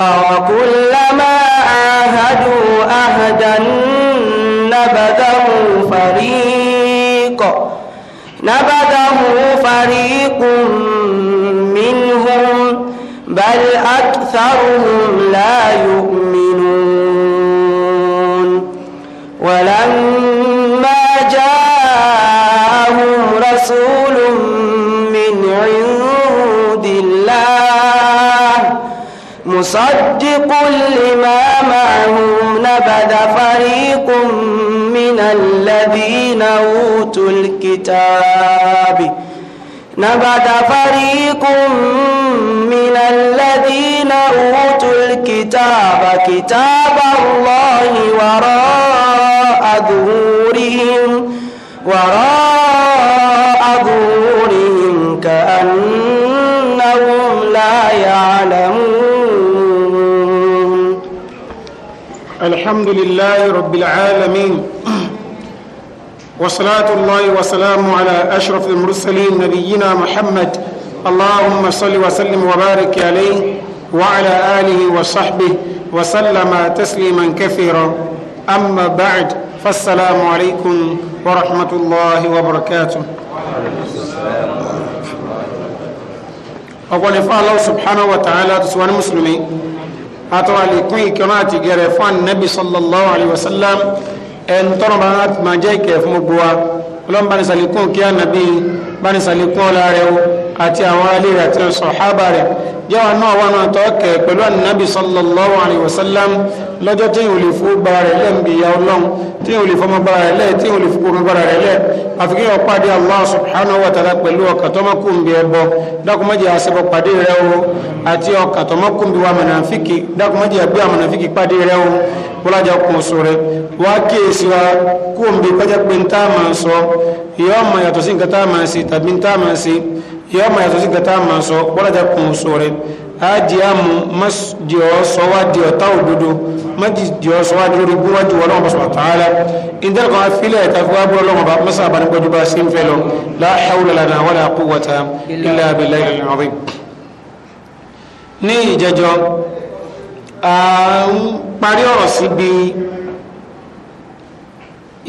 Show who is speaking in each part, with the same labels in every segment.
Speaker 1: أَوَكُلَّمَا عَاهَدُوا عَهْدًا نَبَذَهُ فَرِيقٌ نَبَذَهُ فَرِيقٌ مِنْهُمْ بَلْ أَكْثَرُهُمْ لَا يُؤْمِنُونَ مصدق لما معهم نبذ فريق من الذين أوتوا الكتاب نبذ فريق من الذين أوتوا الكتاب كتاب الله وراء ظهورهم وراء ظهورهم كأنهم لا
Speaker 2: يعلمون الحمد لله رب العالمين وصلاة الله وسلام على أشرف المرسلين نبينا محمد اللهم صل وسلم وبارك عليه وعلى آله وصحبه وسلم تسليما كثيرا أما بعد فالسلام عليكم ورحمة الله وبركاته أقول الله سبحانه وتعالى تسوان المسلمين atọ́wà lè kún ìkẹ́rọ àti gẹ̀rẹ̀ fún ànábì sallallahu alayhi wa sallam ẹni tọ́rọ bá máa jẹ́ ìkẹ́ fún gbogbo wa ọlọ́run bá ní kí ànábì bá ní sàlékún ọlá rẹ̀ àti àwọn alẹ́ rẹ̀ àti sọ̀hábà rẹ̀ jẹ́wọ́n náà wà náà tọ́ kẹ̀ pẹ̀lú ànábì sallallahu alayhi wa sallam lọ́jọ́ tí yìí ò lè fún bara rẹ̀ lẹ́ nbí ìyá ọlọ́run tí yìí ò lè fọmọ bara rẹ̀ lẹ́ tí ò lè fún bara rẹ̀ lẹ́ àfikún yóò pàdé allah subhanahu wa ta'ala pẹ̀lú ọkàn tó mọ́kùn àṣẹbọ pàdé rẹ̀ o àti ọkàn tó mọ̀nàfíkì dákùnmọ́jì àgbé àmọ̀nàfíkì pàdé rẹ̀ o kólájà kún sóre wá kíyèsí wa kó ń bí sọ ìyá ọmọ yàtọ̀ sí nǹkan tá sí tàbí ń sí Ya ọmọ yàtọ̀ sí gata máa sọ wọ́lájà kun sọ rẹ ájì àmú mọ́jì ọ̀sọ́ wá di ọ̀tá òdodo mọ́jì ọ̀sọ́ wá di lórí gúnwájú ọlọ́run bá sọ̀tà ára ìdẹ́rẹ̀ kan afílẹ̀ ẹ̀ta fún abúlé ọlọ́run bá mọ́sá àbánigbọ́jú bá sí ń fẹ́ lọ la hawla lana wala quwwata illa billahi al-azim. ní ìjẹjọ à um, ń parí ọ̀rọ̀ síbi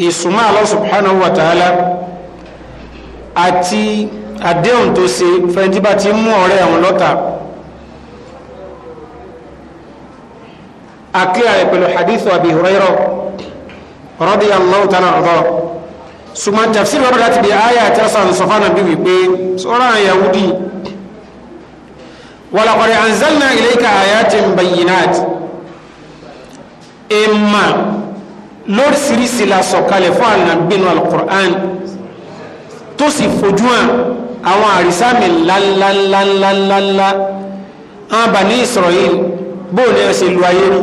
Speaker 2: ìsúnmọ́ Allah subhanahu wa ta'ala àti àdéhùn tó ṣe fẹ́ntì bá ti mú ọ̀rẹ́ ẹ̀hún lọ́ta àkíyà rẹ̀ pẹ̀lú hadithu Abi Hurairah radiyallahu ta'ala anhu ṣùgbọ́n tafsir lọ́dọ̀ láti bí ayé àtẹ́sà sọfánà bí wípé sọ́rọ̀ Yahudi walaqad anzalna ilayka ayatin bayyinat ìmà lóríṣiríṣi la sọ̀kalẹ̀ fún àlàbínú al-Qur'an tó sì fojú hàn àwọn àrísàmì ńláńláńláńláńlá àwọn Bani Israel bóò ní ẹsẹ̀ lu ayé nu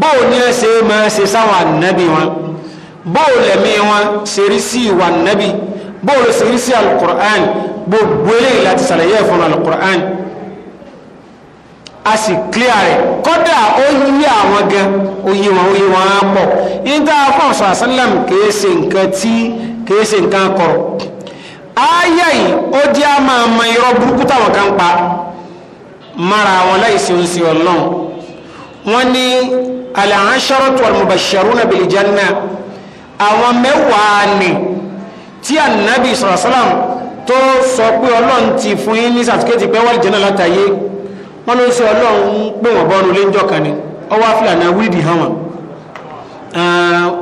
Speaker 2: bóò ní ẹsẹ̀ máa ṣe sáwọn ànábì wọn bóò lẹ̀mí wọn ṣe rí sí ìwà ànábì bóò lọ ṣe rí sí alukur'an gbogbo eléyìí láti ṣàlàyé ẹ̀fọn alukur'an a sì clear rẹ̀ kódà ó yí àwọn gan oyè wọn oyè wọn á pọ̀ nígbà fún ọ̀sán àṣálàm kìí ṣe nǹkan tí kìí ṣe nǹkan kọ̀rọ̀ ó jẹ́ a máa mọ irọ́ burúkú táwọn kan pa mara àwọn láìsí oṣù ọlọ́run wọ́n ní al-asharatu al-mubashsharuna bil janna àwọn mẹ́wàá ni tí ànábì sallallahu alaihi wasallam tó sọ pé ọlọ́run ti fún yín ní sàtíkẹ́tì pé wọ́n lè jẹ́ náà látàyé wọ́n ló sọ ọlọ́run pé wọ́n bọ́nu lé ń jọ́kan ni ọwọ́ afúlànà wíìdì hàn wọ́n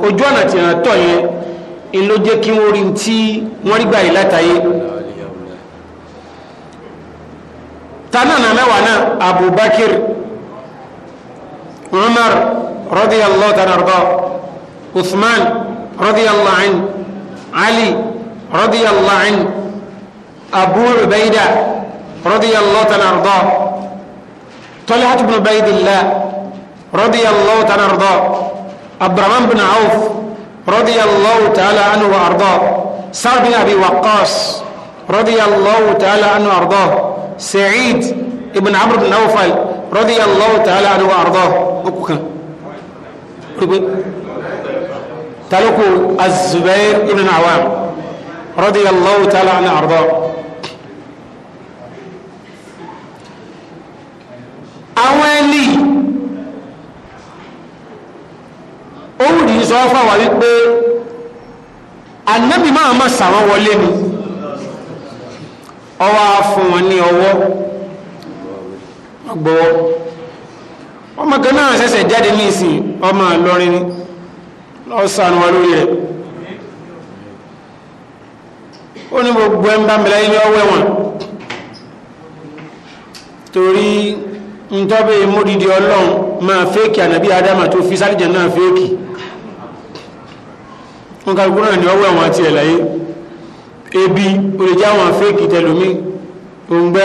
Speaker 2: ojú ọ̀nà tí yẹn ló wọ́n rí tí wọ́n rí gbà yìí látàyé تانا نانا ابو بكر عمر رضي الله تعالى عثمان رضي الله عنه علي رضي الله عنه ابو عبيده رضي الله تعالى عنه طلحه بن عبيد الله رضي الله تعالى عنه عبد الرحمن بن عوف رضي الله تعالى عنه وارضاه سعد بن ابي وقاص رضي الله تعالى عنه وارضاه Sa'id ibn Amr ibn Nawfal radiyallahu ta'ala anhu wa ardahu okùn kan taloku Az-Zubair ibn Awam radiyallahu ta'ala anhu wa ardahu àwọn ẹlì òun rí sọ fáwà wípé annabi máa ma sàwọn wọlé ni ọwọ́ á wọn ní ọwọ́ ọgbọ́wọ́ ọmọ kan náà ṣẹ̀ṣẹ̀ jáde ní ìsìn ọmọ Ìlọrin lọ́sàn wa lórí rẹ̀ ó ní gbogbo ẹ̀ ń bá mi láyé ní ọwọ́ ẹ̀wọ̀n torí ntọ́bẹ̀ módìdí ọlọ́run máa fẹ́ẹ̀kì ànàbí adama tó fi sálìjẹ̀ náà fẹ́ẹ̀kì wọn náà ní ọwọ́ ẹ̀wọ̀n àti ebi ó lè jẹ́ àwọn afẹ́ẹ̀kì tẹlomi òǹgbẹ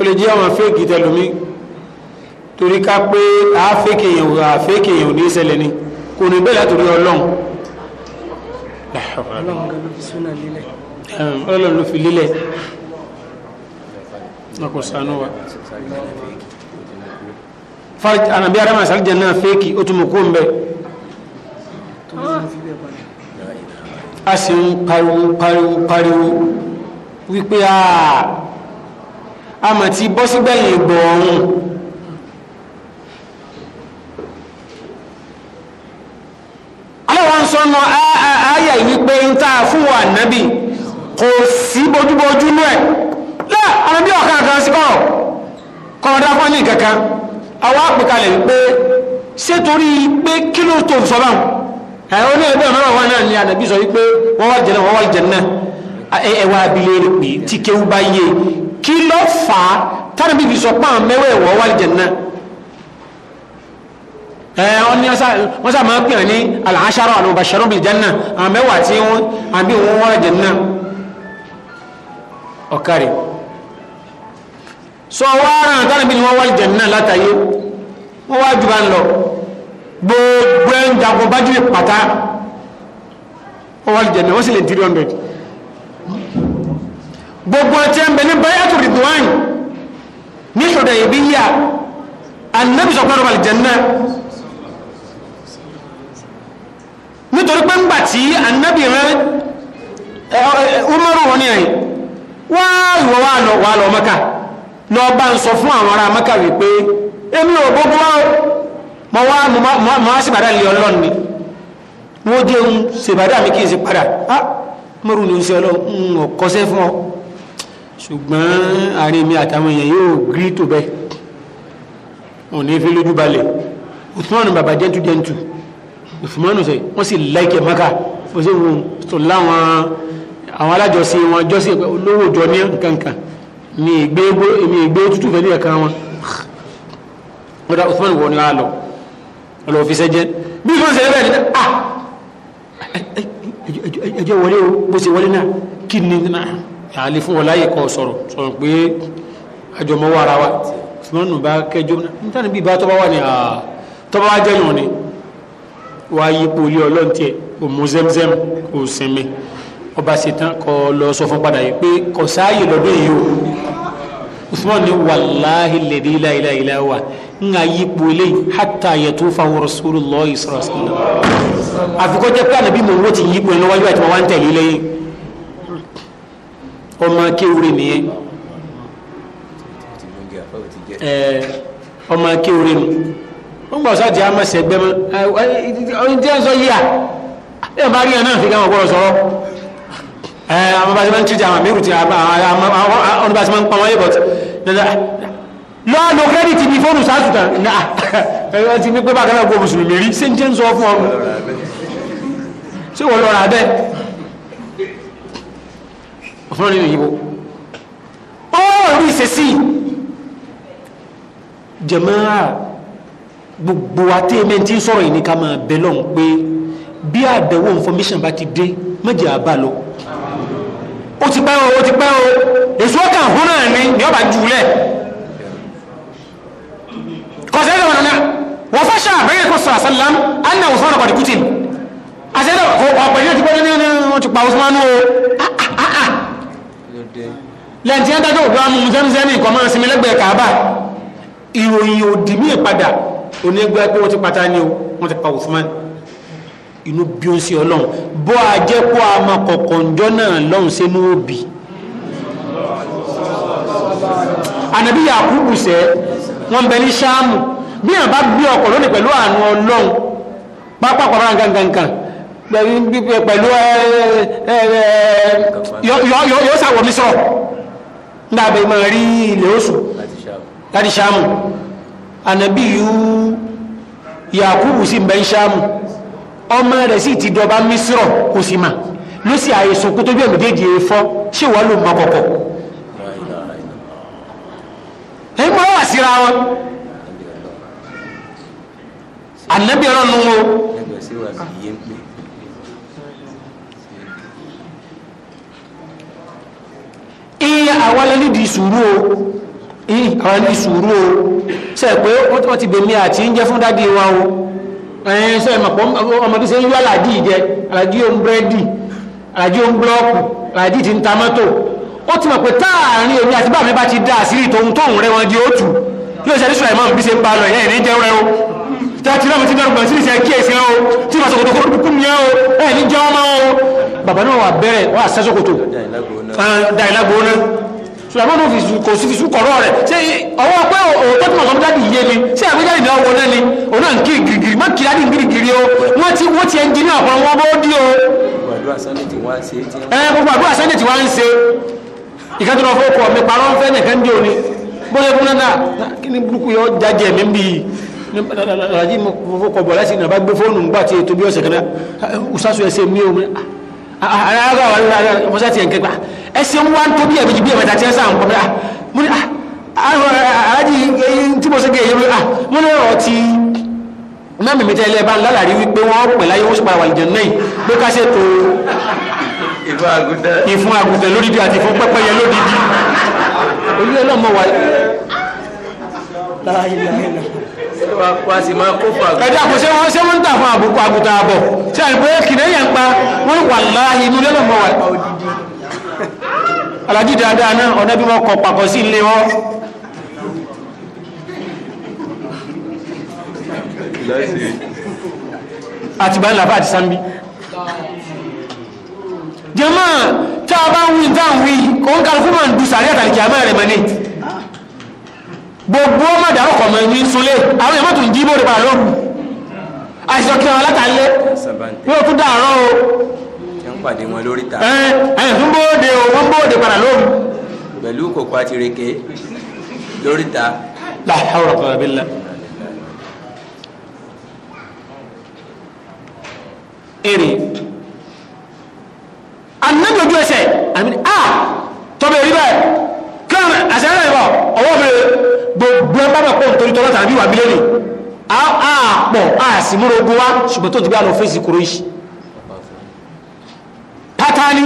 Speaker 2: ó lè jẹ́ àwọn afẹ́ẹ̀kì tẹlomi torí ká pé àáfẹ́ẹ̀kì èèyàn ò àáfẹ́ẹ̀kì èèyàn ò ní ìṣẹ̀lẹ̀ ni kò ní bẹ́ẹ̀ látòrí ọlọ́run ọlọ́run
Speaker 3: ló fi lílẹ̀ ọkọ sanu wa
Speaker 2: anabi adama salijan náà fẹ́ẹ̀kì ó tún mọ̀ kó ń bẹ́ẹ̀. a sì ń pariwo pariwo pariwo wípé a mọ̀ tí bọ́ sígbẹ̀yìn ìgbọ̀ ọ̀hún aláwọn sọ́nà ayà wípé ń tàà fún wa nábì kò sí bójúbójú nú ẹ̀ lẹ́ àwọn ọ̀kan kan sí kọ́ kankan àwọn wípé ṣé torí pé kí ló ẹ̀hún ní ẹgbẹ́ ọ̀nà wọn náà ni ànàbí sọ wípé wọ́n wá jẹ́ náà wọ́n wá jẹ́ náà ẹwà abilé rẹ̀ pé tí kéwú bá yé kí ló fà á tánà bíbí sọ pé àwọn mẹ́wẹ́ wọ́n wá jẹ́ náà ẹ̀ ọ́n ní wọ́n sá máa ń pè ní al-ashara al-mubashshirun bil jannah tí wọ́n àbí wọ́n wá jẹ́ náà sọ wọ́n ara àtàlẹ́bí wọ́n wá jẹ́ látàyé wọ́n wá jù bá ń lọ gbogbo ẹ̀ ń jagun bájú pàtà ọwọ́lì jẹ̀nà wọ́n sì lè dín ní hundred gbogbo ẹ̀ tí ẹ̀ ń bẹ ní bayatu ridwan ní sọ̀dọ̀ ìbí yíyà anabi sọ̀kọ́ ọ̀rọ̀ àlìjẹ̀nà nítorí pé ńgbà tí anabi rẹ umaru wọn ni ẹ̀ wá ìwọ wà lọ wà lọ maka lọ bá ń sọ fún àwọn ará maka wípé èmi ò gbogbo mọ́ wá mọ́ sí bàdá lè ọlọ́run ni wọ́n jẹ́ ń ṣe bàdá mi kí n ṣe padà á mọ́rùn ní ṣe ọlọ́run ń kọ́sẹ́ fún ọ ṣùgbọ́n àárín mi àtàwọn èèyàn yóò gírí tó bẹ́ẹ̀ òun ní fi lójú balẹ̀ òtúmọ̀nù bàbá jẹ́ntu jẹ́ntu òtúmọ̀nù sẹ́ wọ́n sì láìkẹ̀ mọ́ká ó sì wù tó láwọn àwọn alájọsí wọn jọ́sí olówó jọ ní nkankan mi ìgbé tútù fẹ́ ní ẹ̀ka wọn. ọ̀dà òtúmọ̀nù wọ̀ ni wọ́n lọ ọlọ́wọ́ fi sẹ́jẹ́ bí ìlú ìṣẹ̀lẹ̀ bẹ́ẹ̀ ni ah ẹjọ́ wọlé o bó ṣe wọlé náà kí ni náà àlè fún wọn láyè kọ́ sọ̀rọ̀ sọ̀rọ̀ pé àjọmọ́ wà ara wa ṣùgbọ́n nù bá kẹjọ níta níbi ìbá tọ́ba wà ní ah! tọ́ba wà jẹ́ yàn ni wà yí ipò ọlọ́ntì ẹ̀ kò mú zẹ́mzẹ́m kò sinmi ọba ṣetán kọ́ lọ sọ fún padà yìí pé kò sáàyè yìí o. usman ni wàláhi lèdi la ilaha illa wa n yi kpole hata yẹtu fahu rasulullahi sallallahu alaihi wasallam
Speaker 3: àfikọ́ jẹ́ pé ànàbí mò ń wọ́n ti yí kpole lọ́wọ́ àti wọn tẹ̀lé
Speaker 2: lẹ́yìn
Speaker 1: ọmọ kéwúrẹ́ nìyẹn
Speaker 2: ọmọ kéwúrẹ́ mu kewuri gbọ́ sọ́ọ́ di amásẹ̀gbẹ́mọ́ ọ̀hún jẹ́ sọ yíyà ẹ̀ bá rí ẹ̀ náà Eh, àwọn bá ti máa ń tíjà àwọn àmì ìrùtì àwọn ọdún bá ti máa ń pamọ́ yẹ bọ̀t lọ́wọ́ lo kírẹ́dìtì ní fóònù sáàtùtà náà ẹ̀rọ ti ní pé bá kẹ́lẹ́ kó mùsùlùmí rí ṣé ń jẹ́ ń sọ fún ọmọ ṣé wọ́n lọ́ra bẹ́ẹ̀ ọ̀fún nínú yìí bó ó rí ìṣesí jẹ̀mọ́ gbogbo àtẹ́mẹ́ntì sọ̀rọ̀ yìí máa bẹ lọ́hùn pé bí àdẹ̀wò information bá ti dé méjì àbá lọ ó ti pẹ́ o ó ti pẹ́ o èso ọkàn hún náà ni ni ọba jùlẹ̀ kọ̀sẹ̀ ẹ̀dọ̀ wọn náà wọ́n fẹ́ ṣàbẹ̀yẹ kó sọ̀rọ̀ sálám anna usman ọkọ̀ dìkútì àṣẹ́dọ̀ ọ̀pọ̀ yẹn ti pẹ́ ní wọ́n ti pa usman o ah, ah, ah, lẹ́yìn tí wọ́n dájọ́ ògbó amú zẹ́mzẹ́mì kọ́ máa sinmi lẹ́gbẹ̀ẹ́ kàábà ìròyìn òdì mí padà onígbẹ́ pé wọ́n ti pata ni o wọ́n ti pa usman inú bí ó sí ọlọ́run bọ́ ajẹ́pọ̀ àmọ́ kọ̀kọ̀njọ́ náà lọ́hùn sínú òbí ànàbí Yakubu sẹ́ wọ́n bẹ ní sáàmù bí àbá gbé ọkọ̀ lónìí pẹ̀lú àánú ọlọ́run pápákọ̀rọ̀ gangan pẹ̀lú yóò sàwọ̀ mi sọ̀rọ̀ dábẹ̀ máa rí ilẹ̀ oṣù láti sáàmù ànàbí Yakubu sí bẹ́ sáàmù ọmọ rẹ̀ sì ti dọba mísírọ̀ kò sì mà ló sì àyè sọ̀kú tó bí ẹ̀mẹ́jèèjì èèfọ́ ṣé wàá ló mọ kọ̀kọ̀ ẹ̀ mọ́ wà síra wọn
Speaker 1: ànábì ọ̀rọ̀ nu wo.
Speaker 2: iye àwọn ẹni di sùúrù o iye àwọn ẹni di sùúrù o ṣe pé wọ́n ti bèmí àti ń jẹ́ fún dádì wa o ẹ̀yìn eh, sọ ìmọ̀pọ̀ ọmọdé ṣe ń yọ àlàjì jẹ àlàjì ohun búrẹ́dì àlàjì ohun búlọ́ọ̀kù àlàjì ti ń ta mọ́tò ó ti mọ̀ pé táàrin èmi àti bàmí bá ti dá àṣírí tòun tóun rẹ wọn di òtù yóò ṣe àdísùn àìmọ́ bí ṣe ń ba lọ yẹn ní jẹ́ rẹ o tẹ́tí náà ti dọ́rùn gbọ̀nsí ìṣe kíyèsí o tí ma sọ̀kòtò kúrò kúrò yẹn o ẹ̀ ní jẹ́ ọmọ o bàbá náà wà bẹ̀rẹ̀ wà sẹ́sọ̀kòtò sùlẹ̀mọ́nù fi kò sí fi sùkọ̀rọ̀ rẹ̀ ṣé ọwọ́ pé òótọ́ tí mo sọ jáde yé ni ṣé àgbéjáde náà wọ náà ni òun náà ń kiri girigiri má kiri adi girigiri o wọ́n ti wọ́n ti ẹnjìníà kan wọ́n bó dí o. ẹ
Speaker 1: gbogbo àdúrà sunday ti wá ń ṣe
Speaker 2: ìkẹ́tọ́ lọ fún ọkọ mi parọ́ ń fẹ́ nìkan dí òní bóyá fún náà kí ni burúkú yọ jajẹ mi bí i mo fọkọ bọ̀ láti ìnàbá gbé fóònù ńgbà tí ètò bí ọ̀sẹ̀ kan náà ara wa musa ti nkegba ẹsẹ ń wá ń tóbi ẹbí bí ẹbẹta tí ẹ sá nkọ bẹrẹ ah, mo ní àwọn ah, ah, aláàjì tí mo sẹgẹ yẹ ah mo ní ọ̀rọ̀ ti mẹmí mi tẹ́lẹ̀ bá ń lálàrí wípé wọn rò pé láyé wọn sì padà wà lìjẹ náà pé ká ṣètò ìfún àgùntàn lódìdí àti ìfún pẹ́pẹ́yẹ lódìdí olú ẹ lọmọ wà
Speaker 1: láyé láyé láyé wá sí máa kó fún àgùntàn. ẹ̀dá kò ṣe wọ́n ṣe wọ́n ń tà fún àbùkù àgùntàn àbọ̀
Speaker 3: ṣe àìpé kìnìún yẹn pa wọ́n wà láàyè inú lẹ́nu mọ́ wa.
Speaker 2: alájú dáadáa náà ọ̀nà bí wọ́n kọ pàkọ́ sí ilé wọn.
Speaker 3: àtìgbà ńlá bá àti
Speaker 2: sanbi jẹ́mọ́ tá a bá ń wí tá wí kò ń kálukú máa ń du sàárẹ̀ àtàlìkì àmọ́ rẹ̀ mọ́ gbogbo ọmọ ìdàrọ̀ kọ̀mọ̀ ní súnlé àwọn èèyàn mọ́tò ń jíbò rẹ̀ pàlọ́ àìsàn kí wọn látàlẹ́ yóò tún dàárọ̀
Speaker 1: o pàdé wọn lórí ta. ẹ ẹ ń bóde o wọn bóde padà lóru. pẹ̀lú kòkó àti reke lórí ta. láàárọ̀ ọ̀rọ̀ kan
Speaker 2: àbí la. èrè anabi ẹsẹ̀ a ah, tọ́bẹ̀ rí bẹ́ẹ̀ kí ló ń àṣẹ náà yìí bọ̀ ọwọ́ mi pọ̀ nítorí tọ́lá tàbí wà bílẹ̀ ni àpọ̀ àsì múra ogun wa ṣùgbọ́n tó ti gbé àlọ́ fèsì kúrò yìí pátánì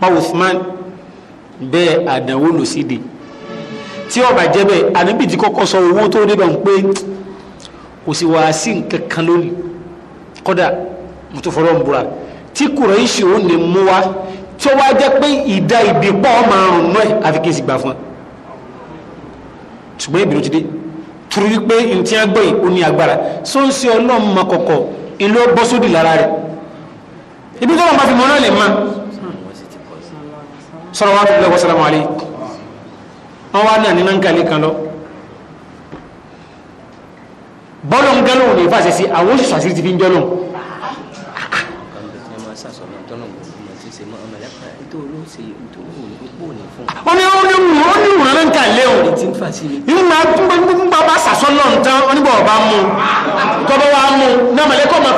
Speaker 2: pa Uthman bẹ́ẹ̀ àdánwò lò sí de tí ọba jẹ́ bẹ́ẹ̀ ànábì ti kọ́kọ́ sọ owó tó débẹ̀ ń pé kò sí wàá sí nǹkan kan lónìí kódà mo tó fọlọ́ ń búra tí Kùrẹ́ṣì ò ní mú wa tó wá jẹ́ pé ìdá ìbí pọ̀ márùn-ún náà àfi gbà fún ṣùgbọ́n ìbínú ti dé turu wípé ntí a gbọ́ yìí ó ní agbára so ń ma kọ̀kọ̀ ìlú bọ́sódì lára rẹ̀ ibi tó wọn bá fi mọ́ náà lè má sọ̀rọ̀ wa tóbi lọ́wọ́ sàlámù alẹ́ wọn wá náà nínú nkàlẹ́ kan lọ
Speaker 1: bọ́lọ̀ ń gálò ní ìfàṣẹ́sí àwọn òṣìṣẹ́ àṣírí ti fi ń jọ́
Speaker 2: wọ́n ní wọ́n ní wù ó ní wùrán ń kà léhùn inú ma ń bá bá sàsọ́ náà tán wọ́n níbọ̀ ọba mú tọ́bọ̀ wa mú náà mọ̀lẹ́kọ̀ mọ̀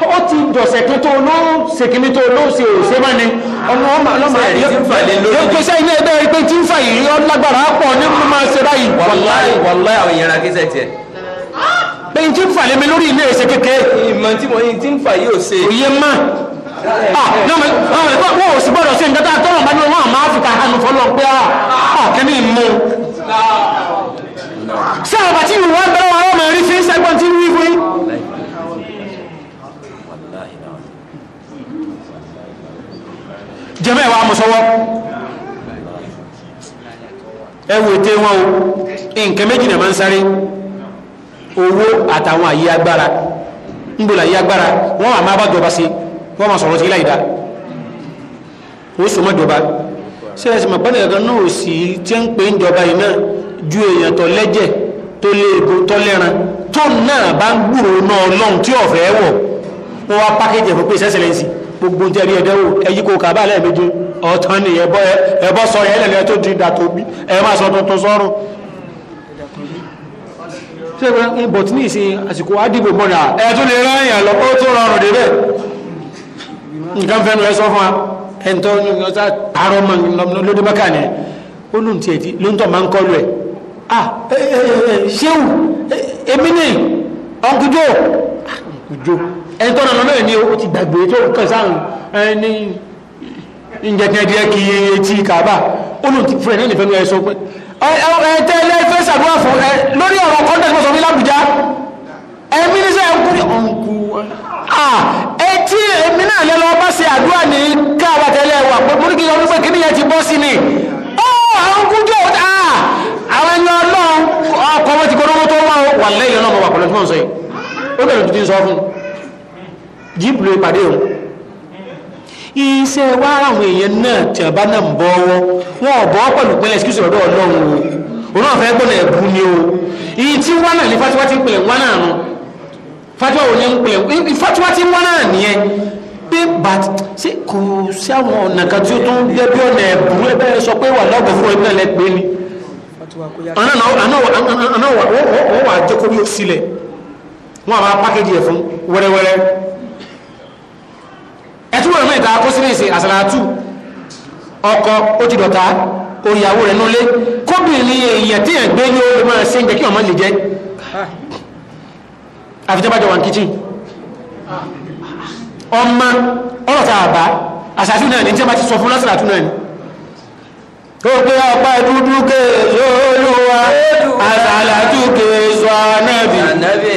Speaker 2: pé ó ti dọ̀sẹ̀ tó tó ló ṣe kìíní tó ló ṣe òṣè má ni ọmọ ọmọ ọlọ́mọ yóò pèsè ilé ẹgbẹ́ rí pé tí ń fà yìí ó lágbára pọ̀ ní mo máa ṣe báyìí. wàláì wàláì àwọn èèyàn
Speaker 1: ra kí sẹ̀ tiẹ̀.
Speaker 3: pé n ti ń fà lémi lórí ilé ìṣe kékeré.
Speaker 1: ìmọ̀ tí mo ní ti ń fà yìí ò ṣe.
Speaker 2: òye máa Ah, ah, wọ́n ò sì gbọ́dọ̀ sí nǹkan tá a tọ́lọ̀ bá ní wọn àmọ́ áfíríkà hànú fọlọ́ pé ọ̀kíní ah, mú. ṣé àwọn bàtí ìlú wọn bẹ̀rẹ̀ wọn ọmọ rí fi ń sẹ́gbọ́n tí ń wí fún yín. jẹ́mẹ́ ìwà amọ̀sọ́wọ́ ẹ wò tẹ wọn o nǹkan méjì náà máa ń sáré owó àtàwọn àyè agbára ń bò láyé agbára wọn àmọ́ abájọba sí i wọ́n ma sọ̀rọ̀ sí ilá ìdá ó sọ mọ́ ìjọba sẹ́yẹsì mọ̀ pẹ́lú ẹ̀kan náà sì tí ń pè ń jọba iná ju èèyàn tó lẹ́jẹ̀ tó léèbó tó lẹ́ran tó náà bá ń gbúrò náà lọ́hùn tí ọ̀fẹ́ wọ̀ wọ́n wá pákéjì ẹ̀fọ́ pé sẹ́sẹ̀lẹ́sì gbogbo ń tẹ́rí ẹ̀dẹ́wò ẹ̀yí kò kàbá lẹ́ẹ̀mejì ọ̀tán ni ẹ̀bọ́ sọ yẹn lẹ́lẹ́ tó di dàtò bí ẹ̀ máa sọ tuntun sọ́rùn ṣé ìbọ̀tí ní ìsìn àsìkò àdìgbò bọ̀nà ẹ̀ tó lè rán èèyàn lọ ó tó rọrùn débẹ̀ nǹkan fẹnu ẹ sọ fún wa ẹ ntọ́ ní ọ̀sá àárọ̀ ọmọ lóde bá kàn ẹ ó lóun tiẹ̀ ti ló ń tọ̀ máa ń kọlu ẹ ah ṣéwù èmi ni ọ̀nkújó ọ̀nkújó ẹ ntọ́ nà lọ́nà ẹ̀ ní o ti gbàgbé tó kàn sáàrùn ẹ ní njẹkẹdẹ kì í etí kàbà ó lóun ti fún ẹ náà nífẹ̀ẹ́ ẹ sọ pé ẹ tẹ́ ẹ lẹ́fẹ́ sàdúrà fún ẹ lórí ọ̀rọ̀ kọ́ńtẹ́sì mọ́sọ̀ mi lábùjá ẹ mínísẹ̀ ẹ kú ní ọ̀nkú ah etí èmi náà lẹ́nu ọba ṣe àdúrà ní káàbà tẹ́lẹ̀ wà pọ̀lùkì ọdún pé kí níyẹn ti bọ́ sí ni ó àwọn kújọ àwọn ẹni ọlọ́run ọkọ̀ wọn ti kọ́ lọ́wọ́ tó wà ó wà lẹ́yìn ọlọ́run wà pẹ̀lú ọdún sọ yìí ó bẹ̀rẹ̀ tuntun sọ fún jíìpù pàdé o iṣẹ́ wa àwọn èèyàn náà tí náà ń bọ́ ọwọ́ wọn ò bọ́ pẹ̀lú pẹ́lẹ́ ọ̀dọ́ ọlọ́run o òun náà fẹ́ ni o iye tí fatiwa wo ni ń pè fatiwa ti wọ́n náà nìyẹn pé bàtí ṣé kò sí àwọn ọ̀nà kan tí ó tún jẹ́ bí ọ̀nà ẹ̀bùrú ẹ bẹ́ẹ̀ sọ pé wà lọ́gbọ̀n fún ẹgbẹ́ lẹ pé ni àná wọ́n wà jẹ́ kó bí ó sílẹ̀ wọ́n àwọn pákéjì ẹ̀ fún wẹ́rẹ́wẹ́rẹ́ ẹ̀túwọ̀ náà ìta kó sí ní ìsìn àsàlátù ọkọ ó ti dọ̀ta oríyàwó rẹ̀ nulẹ̀ kóbìnrin èèyàn tí ẹ̀ gbé yóò lè máa ṣe kí ọmọ lè jẹ́ àfitẹ́bàjọ wà ń kíchìn ọmọ ọlọ́ta àbá àṣàṣù náà ní tí a bá ti sọ fún lásìlá tún náà ni ó pé ọpá dúdú kéèzó olúwa àṣàlá tún
Speaker 1: kéèzó anábì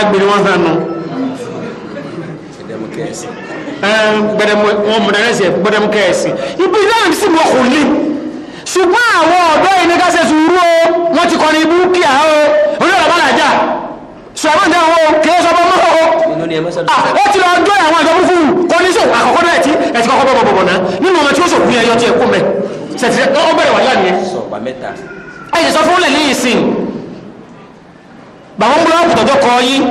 Speaker 2: alágbèrè wọn hàn nù. gbẹdẹmukẹsì gbẹdẹmukẹsì ibi náà sì mọ kò lè ṣùgbọ́n àwọn ọ̀dọ́ yìí ní ká ṣe sùúrù o wọ́n ti kọ́ ní ibú kíá o olóòrò bá làjà sọ̀rọ̀ ní àwọn kìí sọ bọ́ mọ́ o. ó ti lọ ọjọ́ àwọn àjọ fúnfún kọ́ ní sọ àkọ́kọ́ náà ẹ̀tí ẹ̀tí kọ́kọ́ bọ̀ bọ̀ náà nínú ọmọ tí ó sọ̀kú yẹn yọ ti ẹ̀kú mẹ́ sẹ̀tì ó bẹ̀rẹ̀ wà lánìí. ẹ̀yìn sọ fún lẹ́yìn ìsìn bàbá ń búlọ́ọ̀kù tọ́jọ́ kọ yín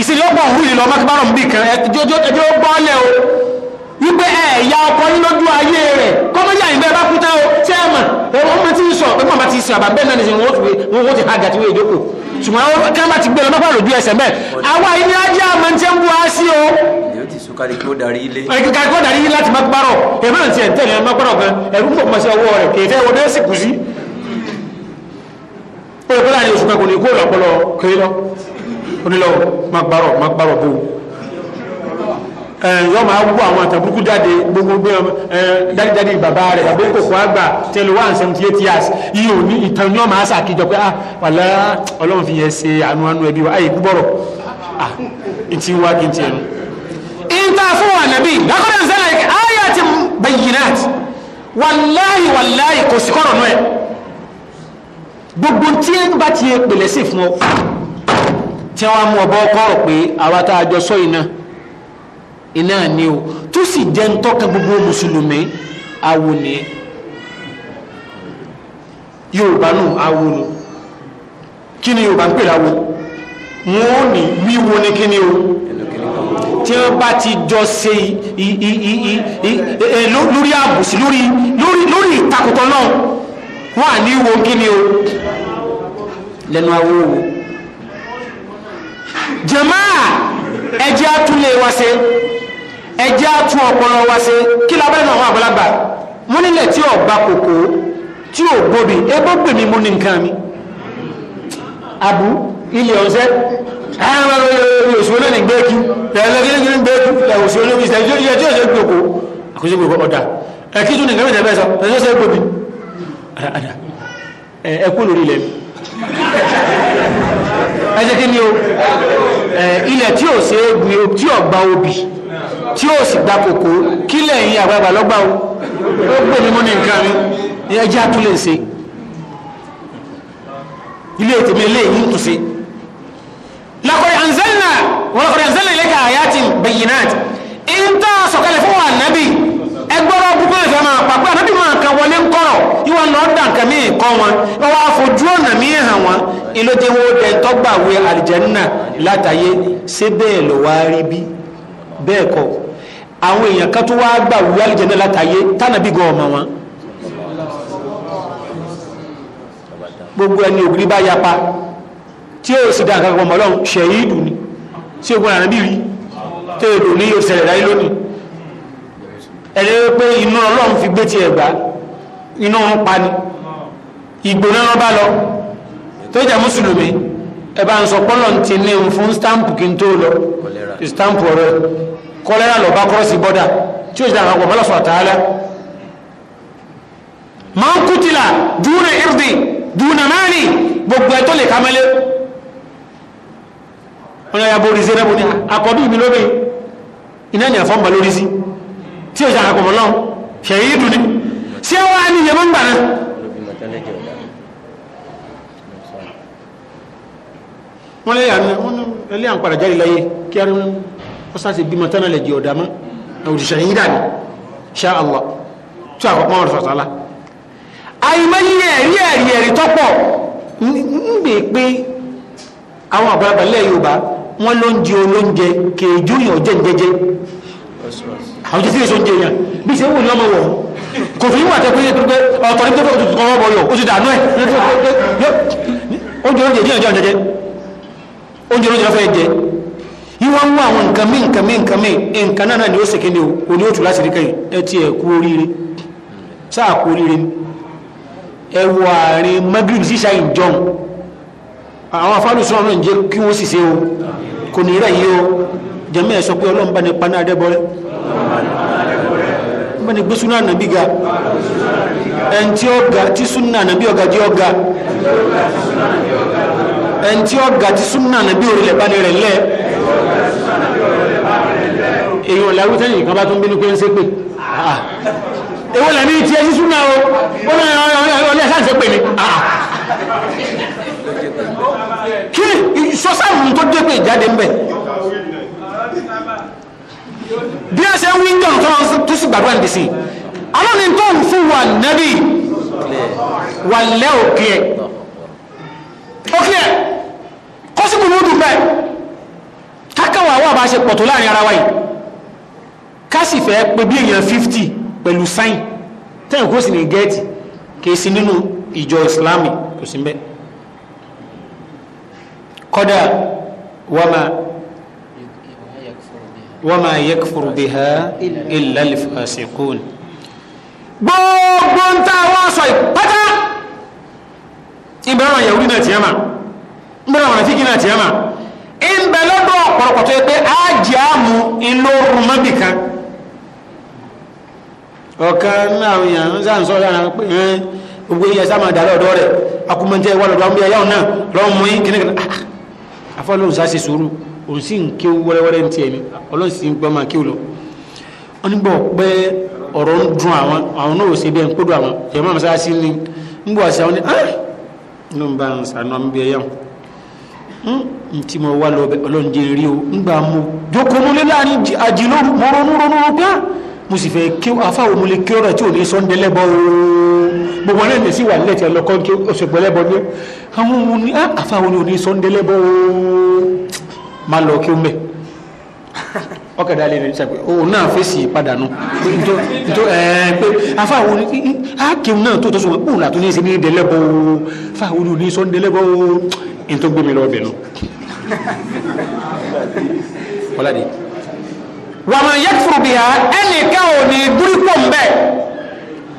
Speaker 2: ìsìlọ́pọ̀ òwúrì lọ mákàbárọ̀ ń bì kan ẹjọ́ gbọ́lẹ̀ o wípé ẹ ya ọkọ yín lójú ayé rẹ̀ kọ́mọ́yà ìgbẹ́ bá kú tán o tí ẹ mọ̀ ọmọ mi ti ń sọ ọmọ mi ti sọ àbá bẹ́ẹ̀ náà nìyẹn wọn ó ti ha gàtí wọ́n èdèkò ṣùgbọ́n àwọn kan bá ti gbé lọ mákàbárọ̀ lójú ẹsẹ̀ bẹ́ẹ̀ àwa yìí ni ajé àmọ́ ti ń bu wá sí o. èyí ti sùn kárí kí ó darí ilé. kárí kí ó darí ilé láti mákàbárọ̀ ó yẹ kó láàrin oṣù kan kò ní kó lọ́pọ̀lọ́ kéré lọ onílọ máa gbárọ̀ máa gbárọ̀ bò ẹ yọ máa wú àwọn àtàbùkù jáde gbogbo dájúdájú bàbá rẹ bàbá kòkó àgbà tẹlu one seventy eight years yìí ò ní ìtàn ní ọmọ àṣà àkìjọ pé ah wàlá ọlọ́run fi yẹn ṣe àánú àánú ẹbí wa ayé gbúbọ̀rọ̀ ah ìtì wá kí n tiẹ̀ nù. ìta fún wa nàbí lákọ̀dọ̀ sẹ́lẹ̀ ayé àti bayyinat wàláhì wàláhì kò sí kọ́rọ̀ náà gbogbo tí ń bá ti pèlè sí fún ọ tí wọn mú ọbọ ọkọ pé àwa tá a jọ sọ iná iná ni o tó sì jẹ ń tọ́ka gbogbo mùsùlùmí awo ni yorùbá nù awo ni kí ni yorùbá ń pè láwo wọn ò ní wíwo ni kí ni o tí wọn bá ti jọ ṣe e, lórí àbùsí lórí ìtakùtọ̀ náà wọn à ní wo kíni o lẹ́nu awo wo jamaa ẹjẹ atúlé wa ṣe ẹjẹ atú ọpọlọ wa ṣe kí la bá nínú àwọn àgbàlagbà wọn nílẹ̀ tí ò gba kòkó tí ò gbòbí egbò gbèmí mú ní nǹkan mi abu ilé ọ̀sẹ̀ ẹ̀rọ oṣù olóòní gbẹ́kú ẹ̀rọ gírígírí gbẹ́kú oṣù olóòní ìṣẹ́jú ìṣẹ́jú ìṣẹ́jú gbòkó àkóso gbòkó ọ̀dà ẹ̀kí tún nìkan mẹ́tẹ̀ẹ́fẹ́ sọ ẹ̀ṣọ́ṣẹ́ gbòbí ẹkú lórí ilẹ̀ ẹ jẹ́ kí ni o ilẹ̀ tí ò ṣe é gbin tí ò gba obì tí ò sì gba kòkó kí lẹ́yìn àgbààgbà lọ́gbà o ó gbé mi mú ní nǹkan mi ẹ jẹ́ àtúnlẹ̀ ṣe ilé tèmi eléyìí tún ṣe lakọ̀rì anzalna wọ́n lakọ̀rì anzalna ilé ka ayatin bayyinat ń tọ́ sọ̀kalẹ̀ fún wa nàbí ẹgbọ́rọ̀ púpọ̀ ìfẹ́ máa pàpẹ́ àtàbí máa kan wọlé ń kọ̀rọ̀ ìwọ lọ dà nǹkan mí kọ́ wọn ọwọ́ afojú ọ̀nà mí hàn wọn ìlójẹ wo dẹ̀ tọ́gbàwé àlìjẹ́nà látàyé ṣé bẹ́ẹ̀ lọ wá rí bí bẹ́ẹ̀ kọ́ àwọn èèyàn kan tó wá gbàwé àlìjẹ́nà látàyé tánàbí gan ọmọ wọn. gbogbo ẹni ògiri bá yapa tí ó sì dáa kankan mọ́ lọ́hùn ṣẹ̀yìn ìdùnnú tí ogun àrùn bí rí tí ẹ̀rẹ́ pé inú ọlọ́run fi gbé ti ẹ̀gbá inú wọn pa ni ìgbóná wọn bá lọ tó jẹ́ mùsùlùmí ẹ bá ń sọ pọ́lọ̀ ti ní òun fún stamp kí n tó lọ stamp ọ̀rọ̀ kọ́lẹ́rà lọ bá kọ́rọ́sì bọ́dà tí ó jẹ́ àwọn ọ̀pọ̀ lọ́sọ̀ àtàlá máa ń kútìlà dúnà ìrdì dúnà mẹ́rin gbogbo ẹ̀ tó lè kamẹ́lé wọn yà borí sí rẹ́bù ní akọ́dún ìbí lóbi iná ní àfọ́nbà lórí sí tí o ṣàkàkọ̀ mọ́ lọ́wọ́ ṣẹ̀yí dùn ní ṣé wà á ní iye mọ́ngbà náà. wọ́n lé àmì ẹlẹ́ àǹpadà jáde láyé kí arúgbó wọ́n sá ti bímọ tánà lè di ọ̀dà mọ́ òrìṣà yìí dàní ṣá Allah
Speaker 1: tó àkọ́kọ́ wọn fọ̀tà
Speaker 2: la. àyìnbáyé ẹ̀rí ẹ̀rí ẹ̀rí tọ́pọ̀ ń gbè pé àwọn àgbàlagbà lẹ́yìn Yorùbá wọ́n ló ń di olóúnjẹ kéèjú yàn jẹ́ǹjẹ́jẹ́ àwọn jẹ́ sí èso ń jẹ èèyàn bí ṣe ń wò ní ọmọ wọ̀ kò fi wà tẹ́kùn yé tó pé ọ̀tọ̀ ní tó tó kọ́ bọ̀ yọ ó ti dànù ẹ̀ oúnjẹ oúnjẹ jíjẹ jẹjẹ oúnjẹ oúnjẹ fẹ́ jẹ ìwọ ń wá àwọn nǹkan mí nǹkan mí nǹkan mí nǹkan náà ni ó sì kéde o ní òtù láti rí kẹyìn ẹ ti ẹ kú oríire sáà kú oríire ẹ wọ àárín magrib sí ṣáà ìjọun àwọn afárùsùn náà ń jẹ kí wọn sì ṣe o kò ní ìrẹ̀ yìí o jẹ́mí ẹ̀ sọ pé ọlọ́run bá ní paná adébọ́rẹ́ bá ní gbé súnà nàbí ga ẹn tí ó ga tí súnà nàbí ọ̀gá tí ó ga ẹn tí ó ga tí súnà nàbí òrìlẹ̀ bá ní rẹ̀ lẹ́ èyàn làwítẹ́ nìkan bá tún bínú pé ń ṣépè èwo lẹ́mí tí ẹ sí súnà o ó náà ọlẹ́ sáà ń ṣépè mi kí sọ́sàrùn tó dépè jáde ń bẹ̀ bí a ṣe ń wí jọ̀ tó tó sì gbàdúrà ní sí ọlọ́ni tó ń fún wa nẹ́bí wà lẹ́ òkè ẹ̀ òkè ẹ̀ kó sì kùnú dùn bẹ́ẹ̀ kákàwà wà bá ṣe pọ̀tò láàrin ara wa yìí ká sì fẹ́ pé bí èèyàn 50 pẹ̀lú sáìn tẹ́yìn kó sì ní gẹ́ẹ̀tì kìí sí nínú ìjọ ìsìláàmù kò sí mbẹ́ kọ́dà wàmà wama yakfuru biha illa al-fasiqun gbogbo ń tá wá sọ ìpátá ìbẹ̀rẹ̀ àwọn yahudi náà tiẹ̀ ma ìbẹ̀rẹ̀ àwọn àfikì náà tiẹ̀ ma ìbẹ̀ lọ́dọ̀ yẹ pé a jẹ́ àmú ìlórun mọ́bì kan ọ̀kan náà àwọn èèyàn ń sáà ń sọ́ra pé gbogbo ìyẹn sáà máa dà rẹ̀ akumọ̀ntẹ́ wà lọ́dọ̀ àwọn ọmọ ẹ̀yà náà lọ́mú yín ah, ah, o sì ń kéwú wẹ́rẹ́wẹ́rẹ́ ní tiẹ̀ ni ọlọ́run sì ń gbọ́ máa kéwú lọ. wọ́n ní pé ọ̀rọ̀ ń dun àwọn àwọn náà ò ṣe àwọn ìyá máa sá sí ni ń bọ̀ àṣà wọn ni ah inú bá ń sànà ń lọ bẹ ọlọ́run jẹ́ rí o ń gbà jókòó múlé láàrin àjìló mo ronú ronú ronú pé mo sì fẹ́ ọ̀rọ̀ tí ò ní má lọ kí ó mẹ́ ọkàdá lè rẹ̀ ṣàpẹ́ òun náà fèsì padà nù pé afáwọn akéwù náà tó tọ́sùn òun àtún ní ìsinmi délẹ́bọ̀ ooo fáwọn olú ní sọ́n délẹ́bọ̀ ooo in tó gbé mi lọ́ọ̀bẹ̀ nù ọ̀làdì wàmà yẹ́kùrù bìhà ẹnìkan ò ní gúrípọ̀ mbẹ́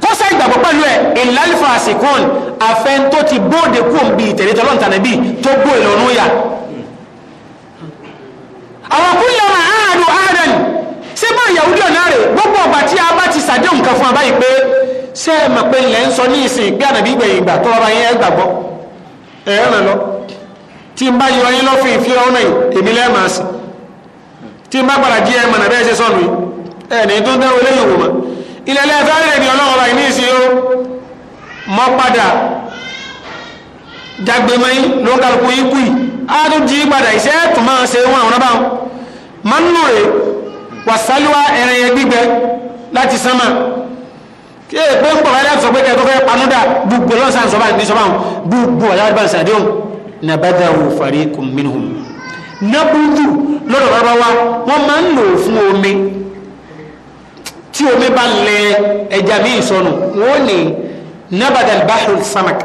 Speaker 3: kọ́sà ìgbàgbọ́ pẹ̀lú ẹ̀ ìlàlífà àsìkọ́n
Speaker 2: àfẹ́ tó ti bóde kúòm bíi tẹ̀lé tọ́lọ́ntànẹ́bí tó gbó ìlọ́nú yà àwọn kúlẹ̀ ọmọ àádù àádàn ṣé bá Yahudi ọ̀nà rẹ̀ gbogbo ọ̀gbà tí a bá ti sàdé nǹkan fún abáyé pé ṣé ẹ mọ̀ pé ilẹ̀ ń sọ ní ìsìn ìgbé ànàbí gbẹ̀yìn ìgbà tó ọba yẹn gbàgbọ́ ẹ ràn lọ tí n bá yọ yín lọ́fìn ìfi ọ̀nà yìí èmi lẹ́ẹ̀ máa sìn tí n bá gbàdá díẹ̀ mọ̀ nàbẹ́ ṣe sọ̀nù yìí ní tó dẹ́wọ́ lẹ́yìn òwò mọ̀ ilẹ̀ lẹ́ẹ̀fẹ́ rẹ̀ ní ìsìn ádùn jí padà iṣẹ́ tó máa ṣe wọn àwọn ọ̀nà báwọn máa ń nù rè wàsálíwá ẹran yẹn gbígbẹ láti sánmà
Speaker 1: kí èpè ń pọ̀ láyé pé kẹ́ẹ̀tọ́ fẹ́ panúdà gbogbo lọ́sàn án sọ́bà ní sọ́bà
Speaker 2: gbogbo ọ̀yá bá ń sàdéhùn nabadahu fariqum minhum nabudu lọ́dọ̀ bàbá wa wọ́n máa ń lò fún omi tí omi bá lẹ ẹja míì sọnù wọ́n ní nabadal samak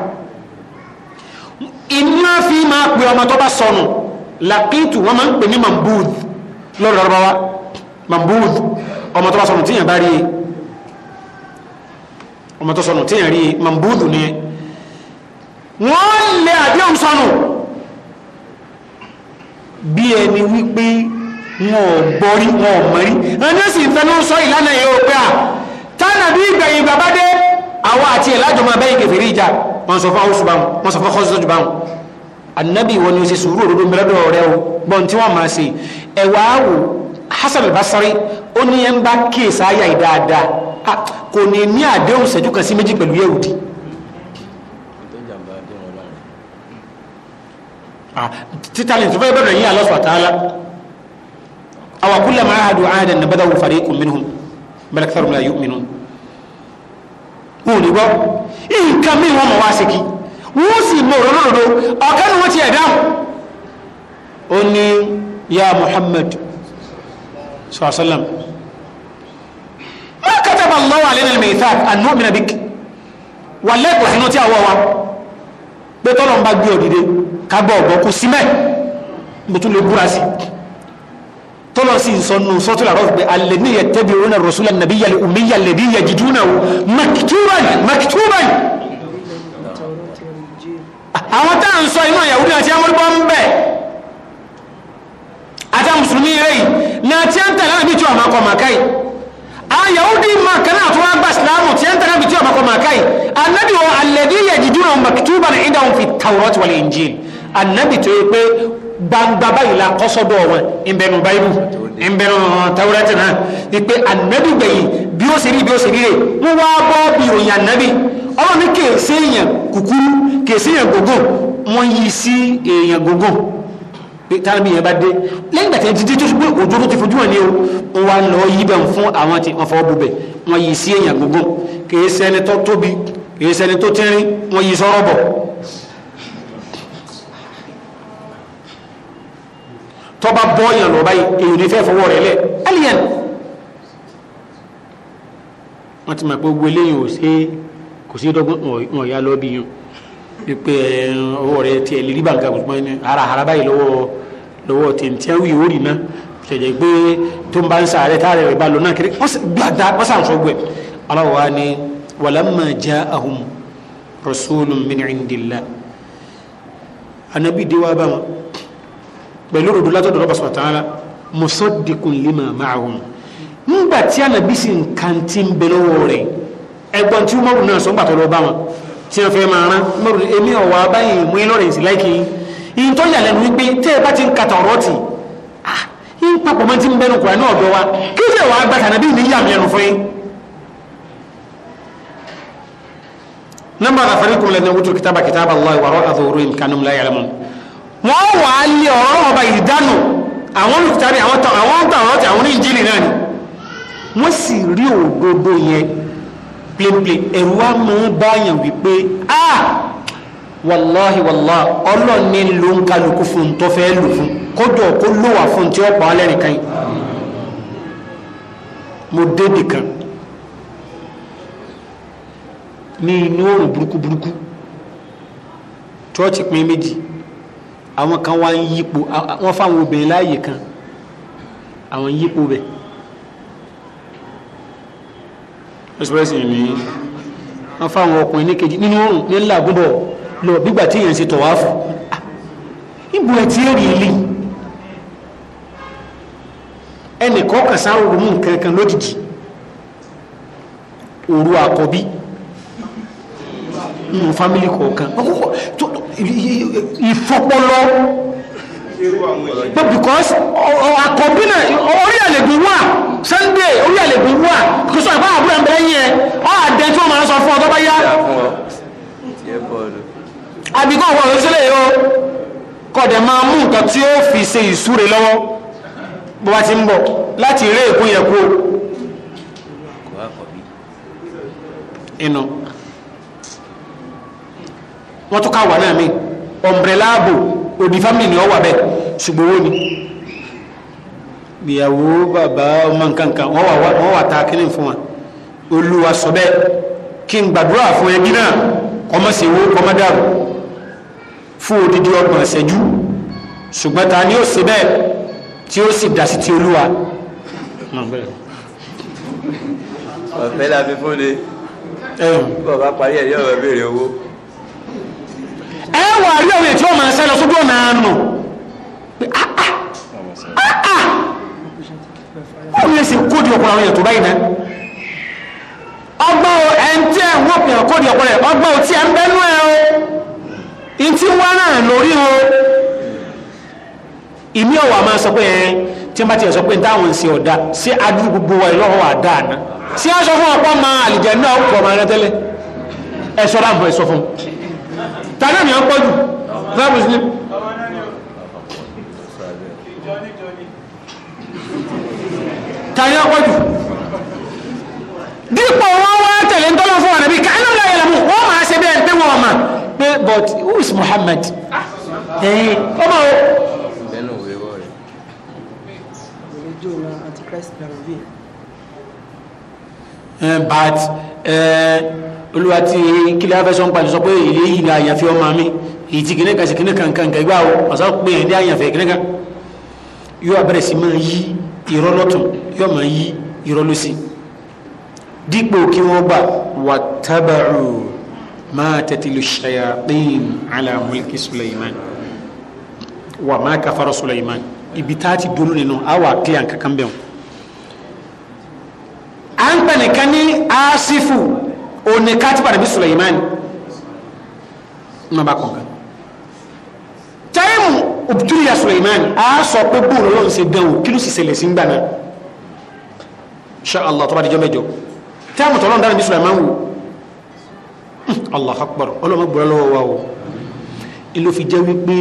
Speaker 2: iná fi máa pè ọmọ tó bá sọnù làkìtù wọn máa ń pè ní mambud lọ́rọ̀ lọ́rọ̀ wa mambud ọmọ tó bá sọnù tíyàn bá rí i ọmọ tó sọnù tíyàn rí i mambud ni wọ́n lé àdéhùn sọnù bí ẹni wípé wọn ò gbọ́rí wọn ò mọ̀rí ẹni sì ń fẹ́ ló ń sọ ìlànà yìí ó pé à tánàbí ìgbẹ̀yìn bàbá àwọn àti ẹ̀ lájọmọ abẹ́yìn kẹfẹ́rí ìjà wọn sọ fún awusu báwọn wọn sọ fún kọ́sọ́jú báwọn anabi wọn ni o ṣe sùúrù òdodo mìíràn rẹ o gbọ́n tí wọ́n máa ṣe ẹ wàá wò Hasan al-Basri ó ní ẹ ń bá kéèsì àyà yìí dáadáa ah, kò ní ní àdéhùn ṣẹ́jú kan sí méjì pẹ̀lú Yẹhudi. Ah, títàlẹ̀ tó fẹ́ bẹ̀rẹ̀ yín Allah subhanahu wa ta'ala aw kullama ahadu ahadan nabadahu fariqun minhum bal aktharuhum la wọn ò ní gbọ́ nǹkan míì wọn mọ̀ wá sí kí wọ́n sì mọ̀ òróròdó ọ̀kan ni wọ́n ti ẹ̀dá ó ní ya Muhammad sallam ma kataba Allahu alayna al-mithaq an nu'mina bik wà lẹ́kọ̀ọ́ sínú tí àwọ̀ wa pé tọ́lọ́ bá gbé ọ̀dìde ká ọ̀gbọ́ kò sí mẹ́ mo tún lè búra sí i tọ́lọ̀ sí ìsọ̀nù sọ́tùlà rọ̀ pé alẹ́ ní yẹtẹ́bi orin rọ̀súlà nàbí yẹlẹ̀ omi yẹlẹ̀ bí yẹjì dúnà o makituban makituban.
Speaker 1: àwọn tá à ń sọ inú àyàwó náà tí a ń bẹ̀
Speaker 2: àti àwọn rẹ̀ yìí náà tí ń tẹ̀lé àbí tí wọ́n máa kọ́ àyàwó di màkà náà tó wá gba sìlámù tí a ń tẹ̀lé àbí tí wọ́n máa kọ́ màkà yìí. anabi wọ alẹ́ bí yẹjì ìdáhùn fi tàwọ́rọ́ ti wọlé injil anabi tó yẹ pé gbangba báyìí la kọ́sọ́dọ̀ wọn ìbẹ̀nu báyìí ìbẹ̀nu tawurẹ́tì náà ìpè ànábì gbẹ̀yìn bí ó ṣe rí bí ó ṣe rí rè wọ́n wá bọ́ bí òyìn ànábì ọlọ́run ní kèsè èèyàn kúkúrú kèsè èèyàn gógó wọ́n yí sí èèyàn gógó tàbí èèyàn bá dé lẹ́yìn ìgbà títí tó ṣe òjò tó ti fojú wọn ni o wọ́n wá lọ yí bẹ̀ fún àwọn tí wọ́n fọwọ́ bubẹ̀ wọ́n yí sí èèyàn gógó kèsè ẹni tó tóbi kèsè ẹni tó tínrín wọ́n yí sọ́rọ̀ bọ̀ tọba bọ́ọ̀yàn lọ báyìí èyí ní fẹ́ fọwọ́ rẹ̀ lẹ̀ alien wọ́n ti mọ̀ pé gbogbo eléyìí ò ṣe kò sí dọ́gbọ́n wọn ya lọ́ọ́ bí yàn pípẹ́ eh, ọwọ́ rẹ̀ tiẹ̀ lè rí bàǹkà gbogbo ẹni ara ara báyìí lọ́wọ́ lọ́wọ́ tẹ̀ntẹ́ wì ó rì náà tẹ̀jẹ̀ pé tó ń bá ń sàárẹ̀ táàrẹ̀ kiri wọ́n sàn sọ gbẹ wa ni walamma ja'ahum rasulun min indillah anabi dewa bá wọn pẹ̀lú òdodo látọ̀dọ̀ lọ́pàá sọ̀tàrà musaddiqun lima ma'ahum nígbà tí ànàbí sì ń kan tí ń bẹ lọ́wọ́ rẹ̀ ẹgbọ́n tí umaru náà sọ́gbà tọ́lọ́ bá wọn tí wọ́n fẹ́ máa rán umaru èmi ọ̀wà báyìí mú ilọ́ rẹ̀ sí láìkí yìí tó yà lẹ́nu wípé tẹ́ ẹ bá ti ń kàtà ọ̀rọ̀ tì yìí papọ̀ mọ́ ti ń bẹnu kùrà náà bẹ wa kí ṣe wàá gbà kànábí ní yàmì ẹnu fún yín. nọ́mbà àfẹ́rí kùnlẹ̀ wútu kìtàbà kìtàbà Allah wa ra'a dhuhurihim kanum la ya'lamun wọ́n wà á lé ọ̀rọ̀ ọba ìdánù àwọn olùkítàbí àwọn tọ àwọn ń ni wọ́n sì rí òdodo yẹn pléplé ẹ̀rù wa mú báyàn wípé a wàláhi wàlá ọlọ́ọ̀ni ló ń kálukú fún tó fẹ́ lò fún kódò kó ló wà fún tí ó pa á àwọn kan wá ń yípo wọ́n fáwọn obìnrin láàyè kan àwọn ń yípo bẹ̀. express mi wọ́n fáwọn ọkùnrin ní kejì nínú òrùn ní ńlá gbọ́dọ̀ lọ bígbà tí èèyàn ṣe tọ̀ wá fún ah, ibo ẹ̀ tí èrè ilé ẹnì kọ́kàn sáré òun nǹkan kan lójijì òru àkọ́bí nínú fámìlì kọ̀ọ̀kan ìfọpọlọ but because àkọ́bí náà orí àlègbè wà Sunday orí àlègbè wà kò sọ àbá àbúrò ẹ̀mbẹ̀ yẹn ọ́ àdẹ tí wọ́n máa sọ fún ọ tó bá yá àbíkọ́ ọ̀wọ́ ọ̀rọ̀ sílẹ̀ yóò kọ̀dẹ̀ máa mú nǹkan tí ó fi ṣe ìsúre lọ́wọ́ bó bá ti ń bọ̀ láti eré ìkúnyẹ̀kú inú. You know wọ́n tún káwà náà mi ọ̀mbrẹ̀lá ààbò òdì fámìlì ni ọ wà bẹ́ẹ̀ ṣùgbọ́n owó ni ìyàwó bàbá ọmọ nkankan wọ́n wà ta kíní fún wa olúwa sọ bẹ́ẹ̀ kí n gbàdúrà fún ẹbí náà kọ́mọ sí owó kọ́mọ dàrú fún odidi ọgbọ̀n ṣẹ́jú ṣùgbọ́n ta ni ó ṣe bẹ́ẹ̀ tí ó sì dà sí ti olúwa
Speaker 1: ọ̀fẹ́ la fi fún ni bọ́ọ̀ bá parí ẹ̀ yọ̀ọ̀ bẹ̀rẹ̀ owó
Speaker 2: ẹ wà rí àwọn ètí ọmọ ẹsẹ lọ sójú ọ̀nà àánú pé áá áá wọ́n lè ṣe kóòdì ọ̀pọ̀lọpọ̀ àwọn ètò báyìí náà
Speaker 1: ọgbọ́n ẹn tí ẹ̀ ń wọ́pìn kóòdì ọ̀pọ̀lọpọ̀ ọgbọ́n tí ẹ̀ ń bẹ́nu ẹ̀
Speaker 2: o ìtí wọ́n náà lórí o ìmí ọ̀wà máa sọ pé ẹ̀ tí wọ́n bá ti sọ pé táwọn ń ṣe ọ̀dà sí adúgbò gbogbo wa ìlọ́wọ́ àdáàná sí aṣọ fún ọ̀pọ̀ máa àlìjẹ náà pọ̀ máa rẹ tẹ́lẹ̀ ẹ̀ sọ́ra àbọ̀ ẹ̀ sọ fún un tàbí àmì ọ̀pọ̀ jù fẹ́ muslim. tàbí ọ̀pọ̀ jù dípò wọn wá tẹ̀lé ń tọ́lọ́ fún ànábì káyọ̀ náà yẹlẹ̀ mú wọ́n máa ṣe bẹ́ẹ̀ pé wọ́n mà pé but who is Muhammad? ọmọ o. but olúwa ti kílẹ̀ afẹ́sọ́ ń pa sọ pé ilé yìí ni àyànfẹ́ ọmọ mi èyí ti kìnnìkan sí kìnnìkan kankan ìgbà wo ọ̀sán pé ẹ̀ ní àyànfẹ́ kìnnìkan yóò abẹ́rẹ́ sí máa yí irọ́ lọ́tún yóò máa yí irọ́ lọ́sí dípò kí wọ́n gbà wà tábàrù máa tatilu shayatin ala mulki Sulaiman wà máa kafara Sulaiman ibi tá a ti dolo nínú àwọn àkíyàn kankan bẹ́ẹ̀ à ń pẹ̀lẹ̀ kan ní asifu òní kátìpà nàbí Sulaimani nàbà Taimu táìmù ya Sulaimani a sọ pé bóòlù lọ́n ṣe dánwò kí ló sì ṣẹlẹ̀ sí gbà náà ṣáàlá tó bá dijọ́ mẹ́jọ táìmù tọ́lọ́ dára nàbí Sulaimani wò Allahu Akbar ọlọ́mọ gbọ́dọ̀ lọ́wọ́ wa o ìlú fi jẹ́ wípé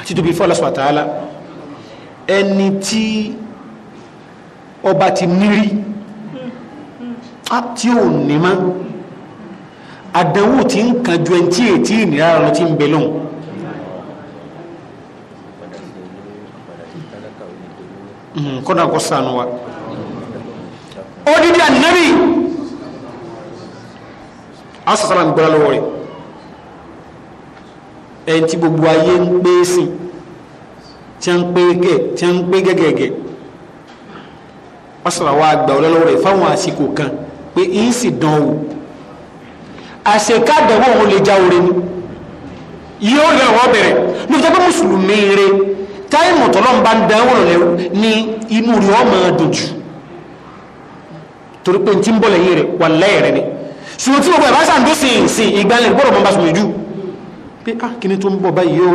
Speaker 2: àti tóbi fọ́lá sọ̀tàálá ẹni tí ọba ti mírí tí ò ní máa àdánwò tí ń kan ju ẹntì ètí ìnira lọ tí ń bẹ lóhùn. kódà asasara ń gbọ́dọ̀ lọ́wọ́ rẹ̀ gbogbo ayé ń pé sí tí a ń pé gẹ̀ tí a ń pé gẹ́gẹ́gẹ́ wa gba ọlọ́lọ́wọ́ rẹ̀ fáwọn àsìkò kan pé ń sì dán o. àṣekádẹ̀wò òun lè já oore ni yóò lè wọ́n bẹ̀rẹ̀ lóòótọ́ pé mùsùlùmí re táìmù tọ́lọ́n bá ń dánwò lẹ́rú ní inú rí ọmọ dùn jù torí tí ń bọ̀ lẹ́yìn rẹ̀ wà lẹ́ẹ̀rẹ̀ ni ṣùgbọ́n tí gbogbo ẹ̀ bá ṣàǹdó sí sí ìgbàlẹ̀ gbọ́dọ̀ mọ́ bá sùn jù pé á ah, kí ni tó ń bọ̀ báyìí o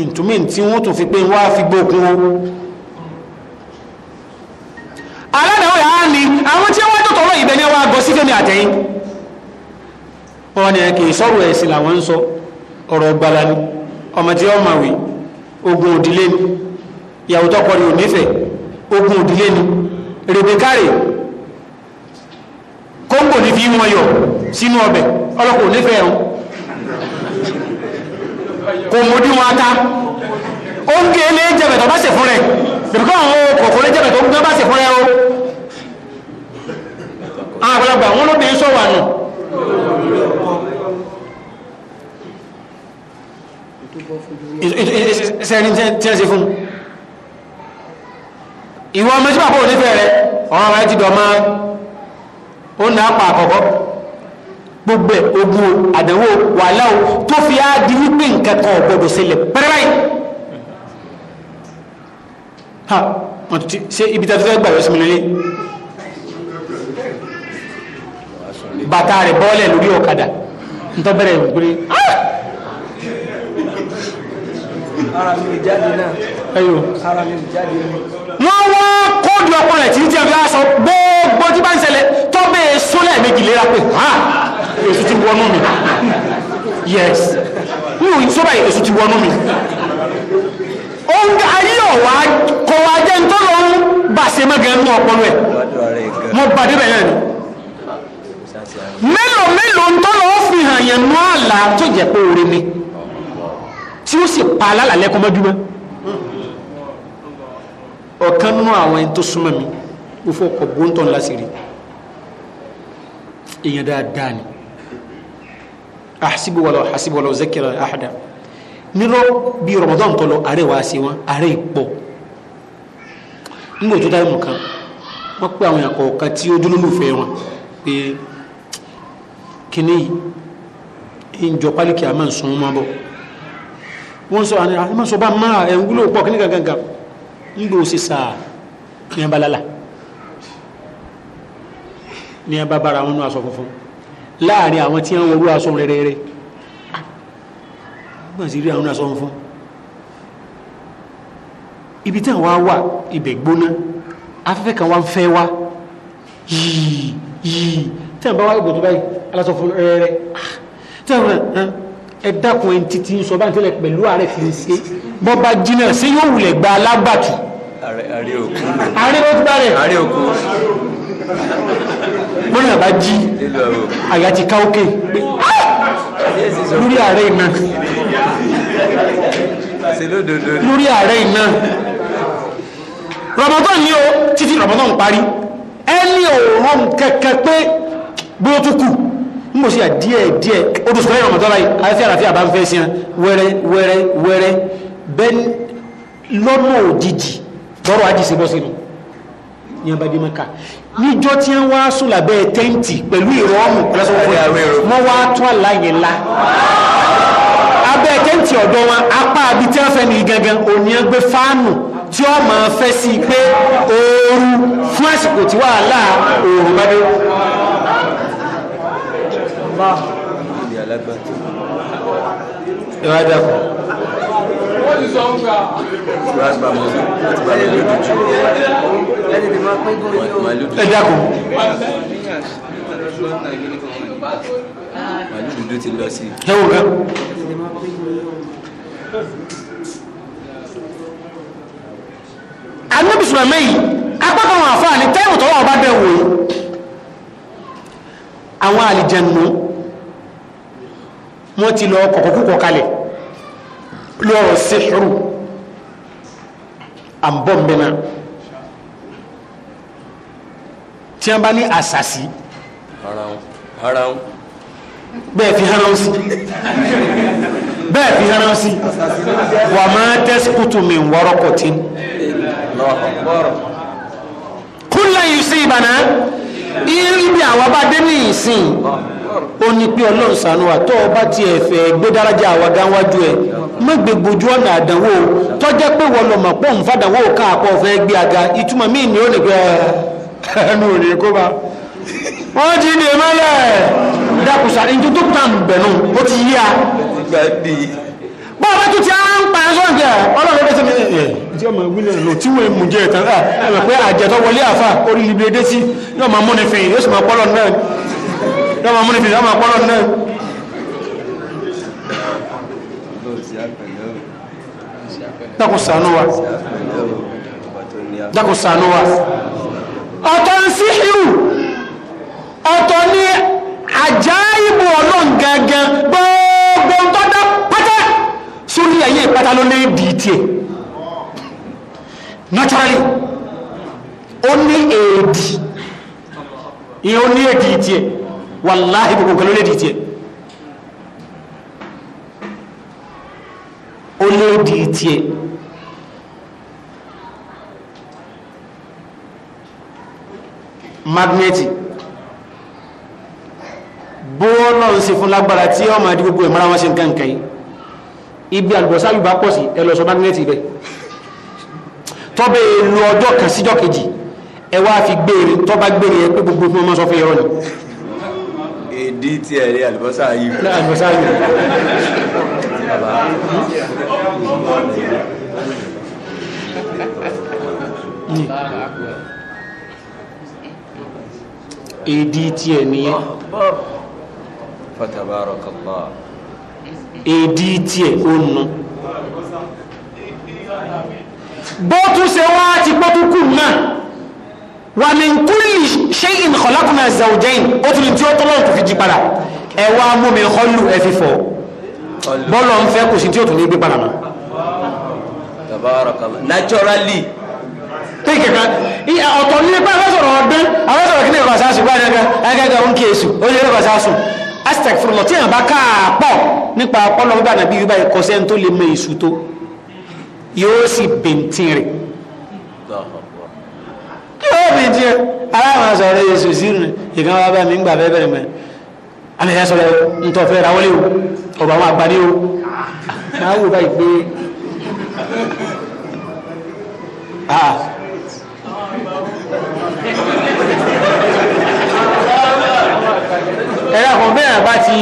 Speaker 2: ìtúmí tí wọ́n tún fi pé wọ́n á fi gbókun o yà á ní àwọn tí wọ́n tó tọ́lọ́ ìbẹ̀ ni gọ sí fẹ́mi àtẹ̀yìn wọn ni kì í sọ̀rọ̀ ẹ̀sìn làwọn ń sọ ọrọ gbala ni ọmọ tí ogun òdílé ni ìyàwó tọkọ ni ogun òdílé ni rèbékárè kóńgò ní fi wọn yọ sínú ọbẹ̀ ọlọ́kọ̀ onífẹ̀ ẹ̀hún
Speaker 3: kò módí wọn ata
Speaker 2: ó ń gé o
Speaker 1: sẹ́ni tí ẹ ṣe fún
Speaker 2: ìwọ ọmọ tí bàbá òní fẹ́rẹ̀ ọ̀rọ̀ rẹ̀ ti dọ̀mọ́ ó nà pa àkọ́kọ́ gbogbo ẹ̀ ogun àdánwò wàhálà o tó fi á di wípé nǹkan kan sílẹ̀ pẹ́rẹ́báyì ha ṣe ibi tàbí fẹ́ gbàgbé sí mi lélẹ́yìn
Speaker 3: bàtà rẹ̀ bọ́ọ̀lẹ̀ lórí ọ̀kadà
Speaker 2: ntọ́ bẹ̀rẹ̀ gbére. Ah! wọ́n wá kóòdù ọkọ rẹ̀ títí ẹ̀fẹ́ aṣọ gbogbo tí bá ń ṣẹlẹ̀ tọ́bẹ̀ sólẹ̀ méjì lera pé èso ti wọnú mi yes n ò sọ́bà èso ti wọnú mi oúnjẹ ayé ọ̀wá kọ̀wá jẹ́ ntọ́lọ́run bàṣẹ́ mẹ́gẹ̀ẹ́ nínú ọpọlọ ẹ̀
Speaker 3: mo bàdé bẹ̀rẹ̀ ni mélòó mélòó ń tọ́lọ́ fi hàn yẹn nú àlá tó
Speaker 2: jẹ́ pé oore ni tí ó sì pa alálàlẹ́ kọ́ mọ́júmọ́ ọ̀kan nínú àwọn ẹni tó súnmọ́ mi ó fọkọ̀ gbóńtọ̀ ńlá sí rí èèyàn dáadáa ni ahasibu wala ahasibu wala zakira ahada nínú bí Ramadan tó lọ àárẹ̀ wá sí wọn àárẹ̀ ìpọ̀ nígbà tó dáhùn kan wọ́n pé àwọn èèyàn kọ̀ọ̀kan tí ó dúró lùfẹ́ wọn pé. Kini ìjọ pálíkì àmà sùn mọ́ bọ̀ wọ́n sọ àná àmà sọ bá máa ẹ̀ e ń wúlò pọ̀ kíní gangan ń gbò sí sáà ní abalala ní ẹ bá bára wọn nú aṣọ funfun láàrin àwọn tí wọn wọlú aṣọ rẹrẹrẹ gbọ́n sí rí àwọn aṣọ funfun ibi tí àwọn wà ibẹ̀ gbóná afẹ́fẹ́ kan wá ń fẹ́ wá yìí yìí tí wọn bá wá ìbòjú báyìí aláṣọ fún rẹrẹ tí wọn ẹ dákun ẹ títí ń sọ bá ń tẹlẹ pẹ̀lú ààrẹ fi ń ṣe bọba jìnnà ṣé yóò wulẹ̀ gba alágbàtú.
Speaker 1: ààrẹ òkú ààrẹ òkú bàrẹ ààrẹ òkú lórí àbá jí
Speaker 2: àyà ti ká òkè lórí ààrẹ iná
Speaker 3: lórí ààrẹ iná
Speaker 2: rọmọdún ni ó títí rọmọdún parí ẹni òórùn kẹkẹ pé bí ó tún kù ń bò sí à díẹ̀ díẹ̀ odò sùkọ́ ìrọ̀mọ̀ tọ́lá yìí àlàáfíà àlàáfíà bá ń fẹ́ sí wẹ́rẹ́ wẹ́rẹ́ wẹ́rẹ́ bẹ́ẹ̀ lọ́nà òjijì tọ́rọ̀ àjì sí bọ́sí nù ní abadé maka níjọ́ tí wọ́n wá sùn lábẹ́ tẹ́ǹtì pẹ̀lú ìrọ̀mù wọ́n wá tún àlàyé ńlá abẹ́ tẹ́ǹtì ọ̀dọ́ wọn apá àbí tí wọ́n fẹ́ ní gangan òní ẹgbẹ́ fáànù tí ó máa fẹ́ sí pé ooru fún àsìkò tí wàhálà oòrùn bá dé
Speaker 1: ìwà dàpọ̀. wọ́n ti sọ ń gbà. ìwà àgbà mọ̀ láti bá lè lójú jù. ẹni tí máa pẹ́ gbọ́n yóò. ẹ dákun. màálù dúdú ti lọ sí. ẹ wò ká.
Speaker 3: anábìsùnmọ̀ mẹ́yì
Speaker 2: apá kan wà fáà ní tọ́wọ́ ọba bẹ̀ wò yìí àwọn àlìjẹnu wọ́n ti lọ kọ̀kọ̀kúkọ̀ kalẹ̀ lọ́rọ̀ síhìrù àbọ̀m̀bẹ̀nà tí wọ́n bá ní àṣàṣì bẹ́ẹ̀ fi hánà sí bẹ́ẹ̀ fi hánà sí wà máa tẹ́sìkútù mi wọ́rọ́kọ̀ tí kúnlẹ̀ yìí sí ìbànú ìrìbí àwọn bá dé ní ìsìn ó ní pé ọlọ́run sànú wa tó o bá tiẹ̀ fẹ́ gbé dáradà àwa gánwájú ẹ̀ má gbé gbojú ọ̀nà àdánwò tọ́jẹ́ pé wọ́n lọ́mọ̀ pọ̀ ń fàdánwò káàpọ̀ fẹ́ gbé aga ìtumọ̀ míì ni ó ní pé ẹnu ò ní kó bá wọ́n ti ní mẹ́lẹ̀ dákùsà ní tuntun tàn bẹ̀nu ti bọ́ọ̀bá tó ti á ń pa ẹ̀ṣọ́ ìjẹ́ ọlọ́run bẹ́ẹ̀ ẹ̀ tí ọmọ ìwílẹ̀ lò tí wọ́n mú jẹ́ ìtàn ẹ̀mọ̀ pé àjẹtọ́ wọlé àfà orí libre sí ọ̀tọ̀ ń sí híù ọ̀tọ̀ ní àjáìbò ọlọ́run gangan gbọ́ọ́ àlàáfíà yìí pátá ló ní ìdí tiẹ̀ naturally ó ní èdì ìyẹn ó ní èdì tiẹ̀ wàláhì gbogbo nǹkan ló ní èdì tiẹ̀ ó ní èdì tiẹ̀ magneti bó lọ́n ṣe fún lágbára tí ọmọ àdúgbò ìmọ̀ra wọn ṣe nǹkan nǹkan yìí ibi àlùbọ̀sá yóò bá pọ̀ sí ẹ lọ sọ mágínẹ́tì ibẹ̀ tọ́bẹ̀ lu ọjọ́ kan síjọ́ kejì ẹ wá fi gbére tọ́ba gbére ẹ pé gbogbo fún ọmọ sọ fún irọ́ èdè tí ẹ rí yìí. ní àlùbọ́sà yìí. èdè tí ẹ nìyẹn èdè tiẹ̀ ó nu bó tún ṣe wá ti pọ́túkù náà wà ní kúlì ṣe ìnkọ̀lákùnà zàwùjẹ́yìn ó tún ní tí ó tọ́lọ́ tó fi jí padà ẹ wá mú mi họ́lù ẹ fi fọ́ bọ́lọ̀ ń fẹ́ kò sí tí ó tún ní gbé padà mọ́. naturally tẹ́kẹ̀ kan ọ̀tọ̀ nípa àwọn sọ̀rọ̀ ọdún àwọn sọ̀rọ̀ kí ni ìkọ̀sáàsù gbá ẹ̀gẹ́gẹ́ ń kí èsù ó lè rí astaghfirullah tí yàn bá káàpọ̀ nípa ọpọlọ bá nàbí yorùbá ẹ̀kọ́ sẹ́ni tó lè mọ èṣù tó yóò sì bèntì rẹ̀ yóò bèntì rẹ̀ aláwọ̀ sọ̀rọ̀ èṣù sírù ìkan wà bá mi ń gbà bẹ́ẹ̀ bẹ̀rẹ̀ mẹ́rin àníyàn sọ̀rọ̀ ntọ́fẹ́ rawọ́lé o ọ̀bà àwọn àgbàdé o máa wò báyìí pé ah, ẹ̀rọ àwọn bẹ́ẹ̀ bá ti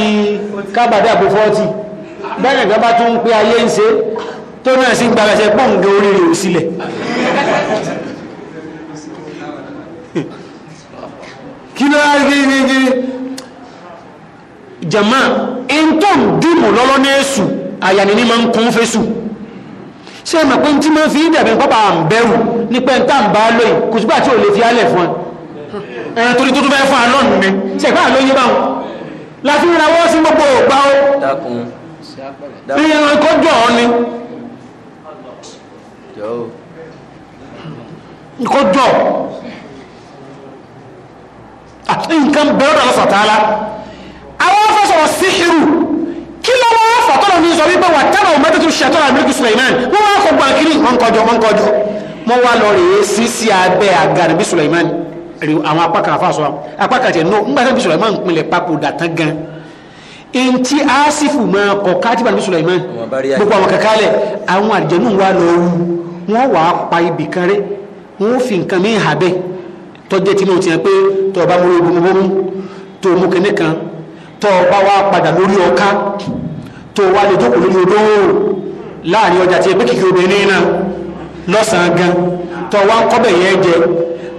Speaker 2: kábàdé àpò fọ́ọ̀tì bẹ́ẹ̀ nìkan bá tún ń pé ayé ń ṣe tó náà sí gbàgbẹ́sẹ̀ pọ́ǹgẹ́ oríire ò sílẹ̀ kí ló wá gírí gírí jama intom dìmù lọ́lọ́ ní èsù àyàní ní ma ń kún fésù ṣé ẹ̀mọ̀ pé tí máa fi ń dẹ̀bẹ̀ pápá à ń bẹ̀rù ní pẹ́ntà ń bá lóyìn kò sígbà tí ò lè fi álẹ̀ fún ẹ ẹ̀rọ torí tó tún fẹ́ fún alọ́nù mi ṣẹ̀gbà lóyìn báwọn láti rìn àwọn sí gbogbo ògbà ó ìrìn
Speaker 1: kọjọ ọ ni
Speaker 3: ìkọjọ
Speaker 2: ah, nǹkan bẹ̀rẹ̀ dàlọ́ sọ̀tàlá àwọn afẹ́sọ̀rọ̀ síhìrù kí ló wọ́n fàtọ́nà ní sọ wípé wà tábà ò mẹ́tẹ́tù ṣẹ̀tọ́nà àbíríkì Suleiman wọ́n wá kọ gbàǹkiri mọ́nkọjọ mọ́nkọjọ mọ́ wá lọ rèé sí sí abẹ́ àgàrìbí Suleiman rí àwọn apá kan àfàsọ apá kan tẹ̀ nù ńgbà tẹ́lifí Sulaiman pinlẹ̀ papòdà tán gan ntí asifu máa kọ kátìbà ní Sulaiman
Speaker 3: gbogbo àwọn kankanlẹ̀
Speaker 2: àwọn àjẹnú wa lọ wú wọn wàá pa ibì kan rẹ wọn fi nǹkan mí hà bẹ́ẹ̀ tọ́jẹ́ tí mo ti hàn pé tọ́ ọba mo rí bomubomu tó mú kinní kan tọ́ wa padà lórí ọ̀ka tó wà lè jókòó lórí odó láàrin ọjà tí pé kìkì obìnrin náà lọ́sàn-án gan tọ́ ń kọ́ bẹ̀ yẹn jẹ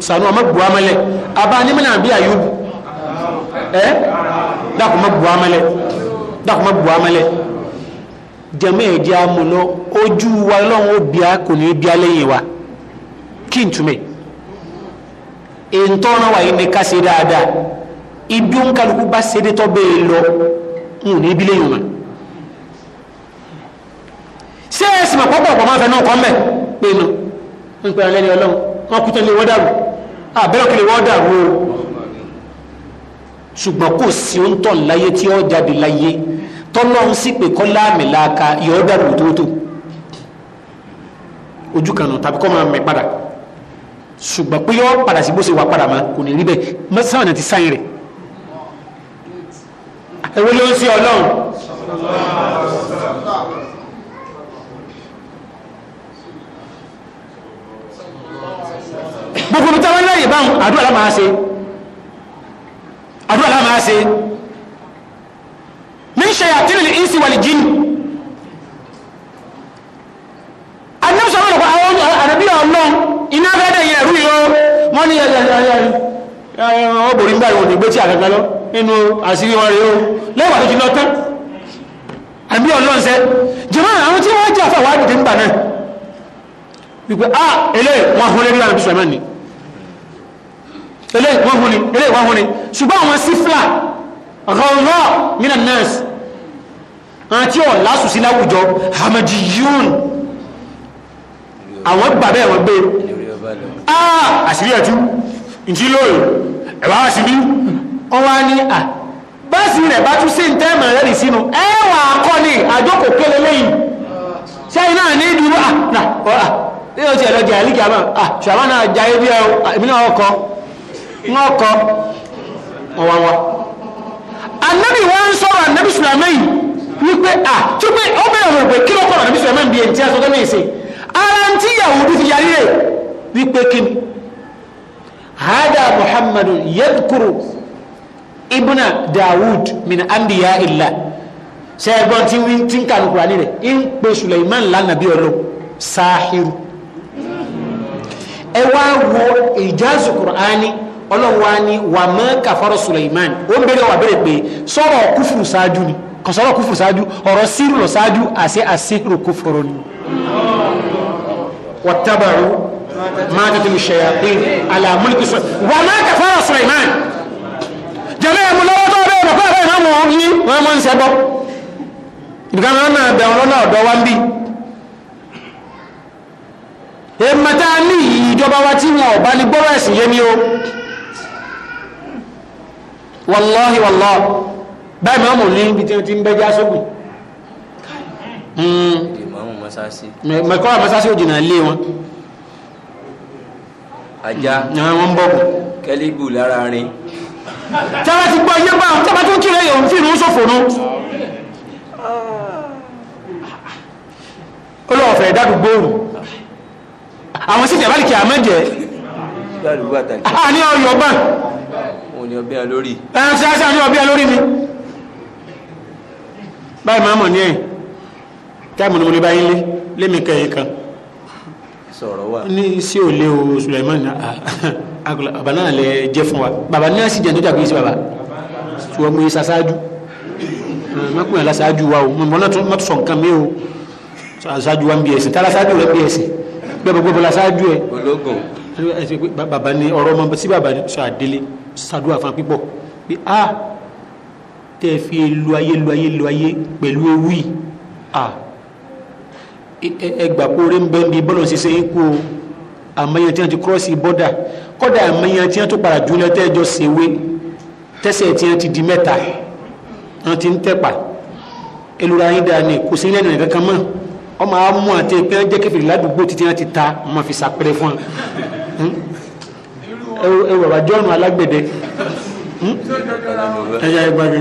Speaker 2: sanu ọmọ bu amẹlẹ abá ní mìíràn bí ẹ eh? dàkùn mọ bu amẹlẹ dàkùn ma bu amẹlẹ jẹmọ ẹjẹ amúlọ ojú wa lọhùn obìá kò ní bí alẹyìn wa kí n túmẹ èntọ́nà e wa yìí ní ká dáadáa ibi òǹkàlùkù bá ṣe dé tọ́ bẹ́ẹ̀ lọ n ní lẹ́yìn ṣé ẹ sì mọ̀ ọ̀pọ̀ máa fẹ́ náà kọ́ mẹ́ pé nu lẹ́ni ọlọ́run ọkùtàn lè wọ́n dàrú àbẹ́rẹ́ ah, kí lè wọ́n dàrú o ṣùgbọ́n kò sí ó ń tọ̀ láyé tí ó jáde láyé tọ́lọ́run sì pé kọ́ láàmì láàka yọ̀ọ́ dàrú tóótó ojú kan tàbí kọ́ máa mẹ́ padà ṣùgbọ́n pé yọ̀ọ́ padà sí bó ṣe wà padà mọ́ kò ní rí bẹ́ẹ̀ mọ́sáwọn ti sáyìn rẹ̀
Speaker 1: ẹ̀wọ́n ló ń ṣe ọlọ́run
Speaker 2: gbogbo mi táwọn láyè báwọn àdúrà lá máa ṣe àdúrà lá máa ṣe ní ṣe àtìrìlì ìsì wà lè jíni àdínàbíṣọ́ wọn lọ́pọ̀ àwọn àdàbí ọlọ́run iná fẹ́ dẹ̀ yẹn rú yìí ó wọ́n ní ọ bòrí ń bá ìwọ̀n ìgbé tí àgàgà lọ nínú àṣírí wọn rèé o lẹ́wàá tó ti lọ tán àbí ọlọ́run sẹ́ jẹ́mọ́ àwọn tí wọ́n jẹ́ àfàwádìí ń bà náà wípé a ah, eléyìí wọ́n hún lórí àrùn sọ̀rọ̀ ni eléyìí wọ́n hún ni eléyìí wọ́n hún ni ṣùgbọ́n àwọn sífìlà rọrọ mina nurse àti ọ̀ lásùsí láwùjọ hamaji yún àwọn gbà bẹ́ẹ̀ wọ́n gbé a ah, àṣírí ẹ̀tú ìjí lóòrùn ẹ̀wà àṣírí wọ́n wá ní à ah, báàsì rẹ̀ bá tún sí ń tẹ́ màá rẹ̀ sínú ẹ̀wà akọni àjókòó kélé lẹ́yìn ṣé iná ní ìdúró à ní o ti ẹ̀rọ jẹ àlíkì àmà ah ṣàmánà àjà ebi ẹ o èmi náà ọkọ wọn ọkọ wọn wá wá. anabi wọn ń sọ̀rọ̀ anabi sùlámẹ yìí wípé ah tó pé ó bẹ̀rẹ̀ wọ̀ pé kí ló kọ̀rọ̀ anabi sùlámẹ bíi ẹ̀ǹtí aṣọ tó ní ìsìn ara ń tí Yahudi fi rẹ̀ ń kà ní Kùránì rẹ̀ ń pe Sulaiman ẹ wá wo ìjáàzù kùránì ọlọ́run wá ní wà mọ́ kàfọ́rọ̀ Suleiman ó ń bẹ̀rẹ̀ wà bẹ̀rẹ̀ pé sọ̀rọ̀ kúfùrù ṣáájú ni kò sọ̀rọ̀ kúfùrù ṣáájú ọ̀rọ̀ sírù lọ ṣáájú àṣẹ àṣírù kúfùrù ni. wàtábàrú máa tètè mi ṣẹ̀yà pé àlàmúlì kì í sọ wà mọ́ kàfọ́rọ̀ Suleiman jẹ́lẹ́ ẹ̀mú lọ́wọ́ tó bẹ́ẹ̀ bàbá àbẹ́ ìmáàmù ọ̀hún yí wọ́n mọ́ ń ṣẹ́gbọ́ ìgbà máa ń bẹ̀ ọ̀rọ̀ náà ọ̀dọ́ wá ń bíi èmọ̀tá ní ìjọba wa tí wọn ọ̀bá ní gbọ́rọ̀ ẹ̀sìn yé ní o wàláhì wàláhì báyìí máa mú ní ibi tí ti ń bẹ́ já sógbì
Speaker 1: hmm. mẹ́kọ́ àmọ́sáṣí òjìnà ilé wọn ajá wọn ń bọ̀bù kẹ́lígbù lára rin tábà ti gbọ́
Speaker 3: yé bá tábà tó ń kí lẹ́yìn òun fìrún sófò ó
Speaker 2: ah. lọ́ọ̀fẹ́ dádùgbò òrùn àwọn sì jàbálì kì á má jẹ.
Speaker 1: a ní ọyọ gbà. wọn ni ọbẹ̀ lórí.
Speaker 3: ẹ ṣe ṣe àní ọbẹ̀ lórí
Speaker 2: mi. báyìí máa mọ̀ ní ẹ̀yìn táìmù ni mo lè bá yín lé lémi kẹyìn kan. sọ̀rọ̀ wa. ní sí òlé o Suleiman agola baba náà lè jẹ fún wa baba náà sì jẹ nítorí àgbéyèsí baba tiwọn mo yẹ sasaaju mẹkùn yàrá sasaaju wa o mọ náà tún sọ nǹkan mi o sasaaju wa ń bí ẹsìn tálá sasaaju rẹ bí ẹsìn bẹ́ẹ̀ gbogbo la ṣáájú ẹ. ológun. bàbá ni ọ̀rọ̀ ọmọ sí bàbá ni sọ àdélé ṣàdúrà fún pípọ̀ pé a tẹ́ fi lu ayé lu ayé lu ayé pẹ̀lú ewu yìí a ẹgbà kóore ń bẹ́ bí bọ́lọ̀ ṣiṣẹ́ yín kú o àmọ́yẹn tí wọ́n ti kírọ́ọ̀sì bọ́dà kọ́dà àmọ́yẹn tí wọ́n tó para jùlọ tẹ́jọ́ ṣèwé tẹ́sẹ̀ tí ti di mẹ́ta wọ́n ti ń tẹ́pa elura yín dáa ni kò sí ilé ìrìn kankan mọ́ ọmọ amú àti ìpẹ́ jẹ́ kẹfìrì ládùúgbò títí wọn ti ta ọmọ fi sàpẹrẹ fún un hmm? ẹwọ bàbá jọ́ọ̀nù alágbẹ̀dẹ hmm? ẹ̀yà ìgbàgbé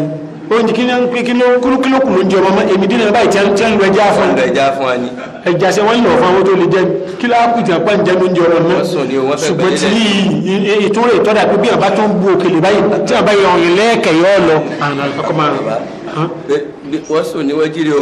Speaker 2: oúnjẹ kí ló kí ló kí ló kù ló ń jẹ ọmọ ọmọ èmi dínà báyìí tí ń lu ẹja fún un ẹja fún un ẹja sẹ wọn ń lọ fún àwọn tó lè jẹ kí ló kù tí wọn pa ń jẹ ló ń jẹ ọmọ náà ṣùgbọ́n tí ìtúrò ìtọ́dà pé bí wọn bá tó ń bu òkèlè báyìí tí wọn bá yọ ọ̀rìn lẹ́ẹ̀kẹ́ yọ ọ lọ. wọ́n sùn ní wọ́n o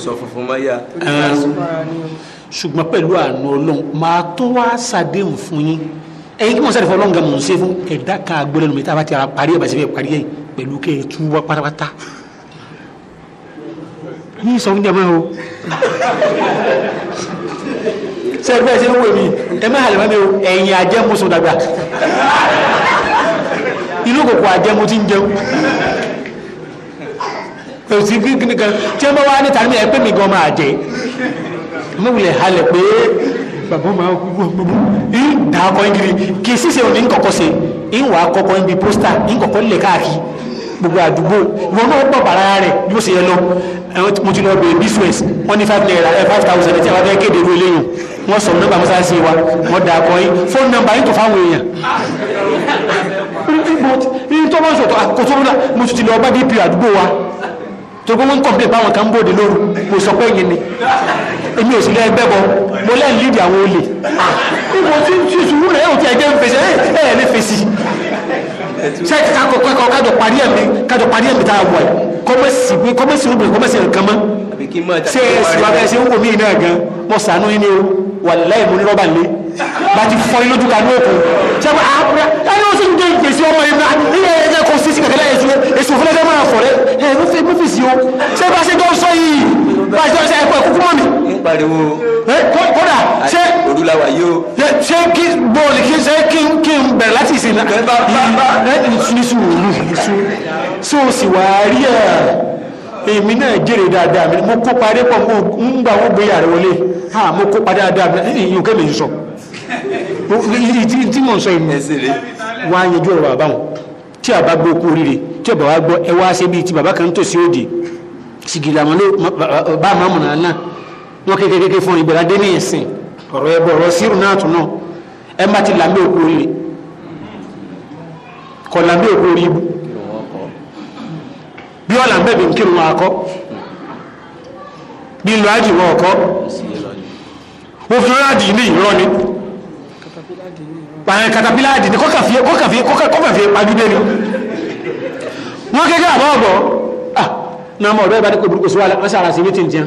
Speaker 1: sọ funfun má yá.
Speaker 2: ṣùgbọ́n pẹ̀lú àánú ọlọ́run màá tó wá ṣàdéhùn fún yín ẹ̀yin kí wọ́n sáré fọlọ́run gan mò ń ṣe fún ẹ̀dá kan agbélẹ́nu mi tá a bá ti ara parí ẹ̀ bá ṣe fẹ́ parí ẹ̀ pẹ̀lú kẹ́ ẹ̀ tú wá pátápátá. yín sọ fún jẹ́ o sẹ́gbẹ́ ṣe ń wò mí ẹ má mọ́ mi ajẹ́mu sùn inú kòkò ajẹ́mu ti ń jẹun òsì kíkìnì kan tí wọ́n bá wá ní tàbí ẹgbẹ́ mi gan máa jẹ́ mo wulẹ̀ halẹ̀ pé bàbá máa kú bàbá ń dà á kọ́ ń kiri kì í sísè òní ń kọ̀kọ́ se ń wà á kọ́kọ́ ń bi pósítà ń kọ̀kọ́ lè káàkiri gbogbo àdúgbò wọn náà gbọ́ bàrà rẹ̀ bí ó ṣe yẹ lọ mo ti lọ bèrè bísúwẹ̀sì wọ́n ní five naira five thousand ẹ̀ tí a bá fẹ́ kéde ìlú eléyìí wọ́n sọ̀rọ̀ nọ́mbà mọ́sáàsì wa wọ́n dà á kọ́ yín fóònù nọ́mbà yín tó fáwọn èèyàn ní tó bá ń sọ̀tọ̀ àkótó náà mo dp àdúgbò wa tó gbogbo ń kọ̀m̀plé báwọn kan bóde lóru kò sọ pé yìí ni èmi ò sì lẹ́ ẹgbẹ́ bọ mo lẹ́ lídìí àwọn olè
Speaker 3: níbo tí tí ìṣòro rẹ̀ ò ti ẹ̀jẹ̀ ń fèsì ẹ̀ ẹ̀ lè
Speaker 2: fèsì sẹ́ẹ̀kì ká kọ́kọ́ ẹ̀kọ́ kájọ parí ẹ̀mí kájọ parí ẹ̀mí tá a wọ̀ ẹ̀ kọ́mẹ́sì gbé kọ́mẹ́sì obìnrin kọ́mẹ́sì nǹkan mọ́ ṣé ẹ sì wá bẹ́ẹ̀ ṣe ń wò mí náà gan mo sànú yín ni o wàláhì mo ní rọ́bà lé bá ti fọ́ yín lójú kanú òkun ṣé wọ́n á kúrẹ́ ẹ o sì ń gbé ìgbésí ọmọ yìí náà ilé ẹ̀jẹ̀ kò sí sí kẹ̀kẹ́ láyé ṣúwọ́ pariwo. ẹ kódà ṣé olùlàwà yìí o. ṣé kí bọ́ọ̀lù kí ṣe kí n kí n bẹ̀rẹ̀ láti ìsìn náà. bẹ́ẹ̀ bá bá bá. ẹ ní sùúrù ṣé o sì wá rí ẹ èmi náà jèrè dáadáa mi mo kópa dé pọ̀ mo ń gbà wọ́n gbé yàrá wọlé ha mo kópa dáadáa mi ìyókè okay, mi sọ tí mò ń sọ ìmọ̀ wá yanjú ọ̀rọ̀ bàbá wọn tí a bá gbọ́ okú oríire tí ọ̀bà wa gbọ́ ẹ wá ṣe bíi ti bàbá kan tó sí òde sìgìlà mọ́ bá a máa mọ̀ náà náà wọn kékeré fún ìgbéra dé ní ìsìn ọ̀rọ̀ ẹbọ ọ̀rọ̀ sírù náà tún náà ẹ má ti làmí òkú orí kọ làmí òkú orí ibu bí ọ̀là ń bẹ̀bẹ̀ kírun wọn akọ bí lọ àjì wọn ọkọ òfin ráàdì ní ìrọ ni pààyàn katapila àdì ní kọkàfíẹ kọkàfíẹ kọkàfíẹ pàdúdé ni wọn kékeré àbọ̀ ọ̀bọ̀ ah náà mọ̀ ọ̀dọ́ ìbádẹ́kọ̀ burúkú sí wa lọ́sàrà sí mítìntì yẹn.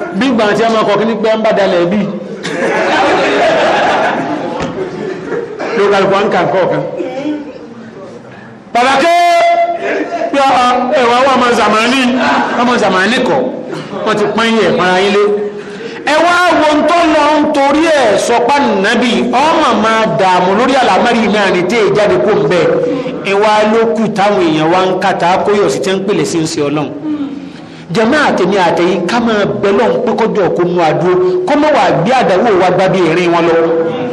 Speaker 2: bí gbà tí a máa kọ kí ní pé ń bá dalẹ̀ bí
Speaker 3: ló ga lùkọ́ ń kà
Speaker 2: kọ́ kan pàtàkì pé ẹ̀wà wà máa zàmánì ọmọ zàmánì kọ̀ wọ́n ti pọ́n yẹ̀ para yín lé ẹwà wo ń tó lọ ń torí ẹ̀ sọpá nàbì ọmọ máa dààmú lórí àlámárì náà ní tí èjáde kó ń bẹ ẹwà ló kù táwọn èèyàn wá ń kàtà kóyọ̀ sí ti ń pèlè sí ń ṣe ọlọ́run jẹmọ àtẹmí àtẹyí ká máa bẹlọ ń pé kọjọ kó mú adúró kó mọ wà gbé àdáwò wa gbá bí ìrìn wọn lọ.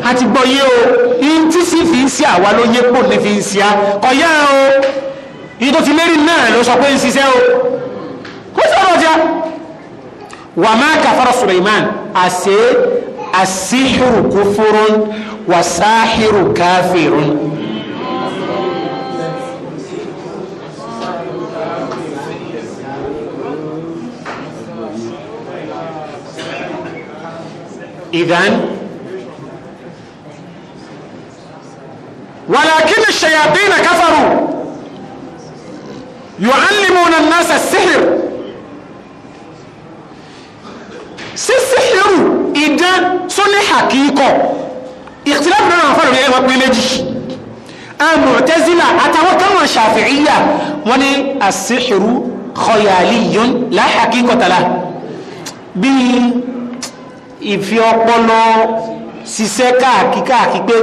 Speaker 2: a ti gbọ́ yé o ihun tí sì fi ń ṣe àwa ló yẹ pò ní fi ń ṣe á kọ̀yá o iye tó ti lérí náà ló sọ pé ń ṣiṣẹ́ o kó sọ̀rọ̀ ọjà. wà má kàfàrà Suleiman àṣẹ àṣìhìrù kúfúrún wà sáhìrù káfírún. ìdán ولكن ash-shayatin يعلمون الناس السحر nasa as-sihr sísìhìrù ìdán tó ní hakíkọ̀ ìtìlẹ́bù náà àfọ́nà ní ẹwà pé méjì Mu'tazila àtàwọn táwọn Shafi'iyya wọ́n ní as-sihru khayaliyun la bíi ìfi ọpọlọ ṣiṣẹ́ káàkiri káàkiri pé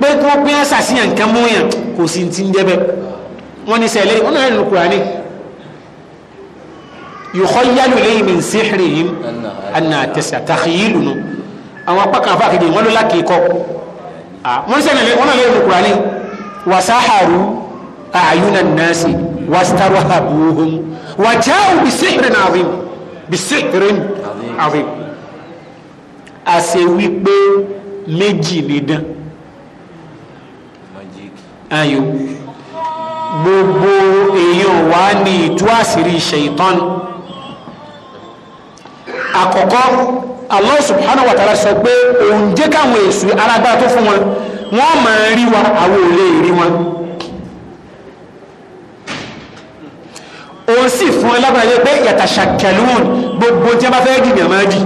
Speaker 2: pé kí wọ́n pín àṣà síyàn nǹkan mú yàn kò sí ti ń débẹ̀ wọ́n ní sẹ́lẹ̀ wọ́n náà nínú Kùránì yukhayyalu ilayhi min sihrihim anna àtẹ̀sà takhiyilu nù àwọn apá kan fà kéde wọ́n ló lákè kọ́ wọ́n ní sẹ́lẹ̀ wọ́n náà nínú Kùránì wasaharu ayuna nasi wastarhabuhum waja'u bisihrin azim bisihrin azim àṣẹ wípé méjì nìdán ayo gbogbo èèyàn wà ní ìtú àṣírí ṣèitán àkọ́kọ́ Allah subhanahu wa ta'ala sọ pé òun jẹ́ káwọn èṣù alágbára tó fún wọn wọ́n máa rí wa àwọn ò lè rí wọn òun sì fún ẹ lágbára yẹ pé gbogbo tí wọ́n bá fẹ́ dì ní àmájì.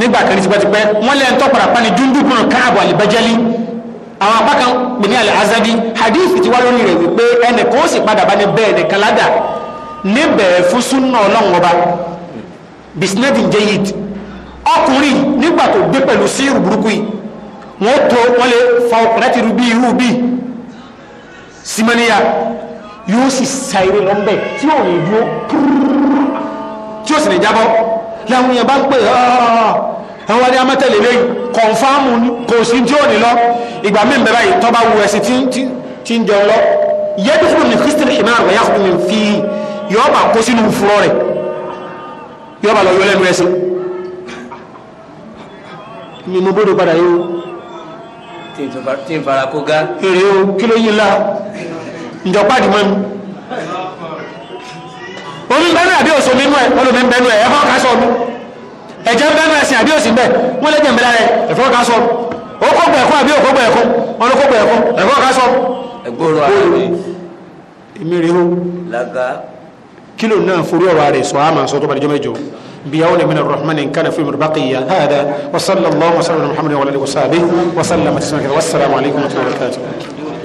Speaker 2: nígbà kan tipẹ́tipẹ́ wọ́n lẹ́yìn tọ́pọ̀rọ̀ apáni dúndùkùnrin káàbù àlìbẹ́jẹ́lì àwọn apá kan pè ní al-Azabi hadith ti wá lórí rẹ̀ wípé ẹnì kan ó sì padà bá ní bẹ́ẹ̀ ní kalada níbẹ̀ fún súnà ọlọ́run ọba bisnadin jayid ọkùnrin nígbà tó gbé pẹ̀lú síìrù burúkú yìí wọ́n tó wọ́n lè fa ọkùnrin ti rú bí irú bí simaniya yóò sì sa eré lọ́nbẹ̀ tí ò ní dúró tí làwọn èèyàn bá pè àwọn adé amátẹ̀lẹ̀ lẹ́yìn kọ̀ǹfàmù kò sí tí ò ní lọ ìgbà mí bẹ̀rẹ̀ yìí tọ́ba wu ẹ̀sìn tí ń jẹun lọ yẹ́dúkúrú ní kristian himar wẹ̀yà fún mi fi yọ́ọ̀bà kó sínú fúrọ́ rẹ̀ yọ́ọ̀bà lọ yọ lẹ́nu ẹ̀sìn ni mo bọ́dọ̀ padà yìí o tí n fara kó gá èrè o kí ló yín la ìjọba àdìmọ́ mi omi ń bẹ́nu àbí òsò nínú ẹ̀ olómi ń bẹ́nu ẹ̀ ẹ̀fọ́ ká sọ̀rọ̀ ẹ̀jẹ̀ ń bẹ́nu ẹ̀sìn àbí òsì ń bẹ̀ wọ́n lẹ́jẹ̀ ń bẹ́ lára ẹ̀fọ́ ká sọ̀rọ̀ ó kó gbẹ̀ ẹ̀kọ́ àbí òkó gbẹ̀ ẹ̀kọ́ wọn ló kó بيون من الرحمن إن كان في مربقية هذا وصلى الله وسلم على محمد وعلى آله وصحبه وسلم والسلام عليكم ورحمة الله وبركاته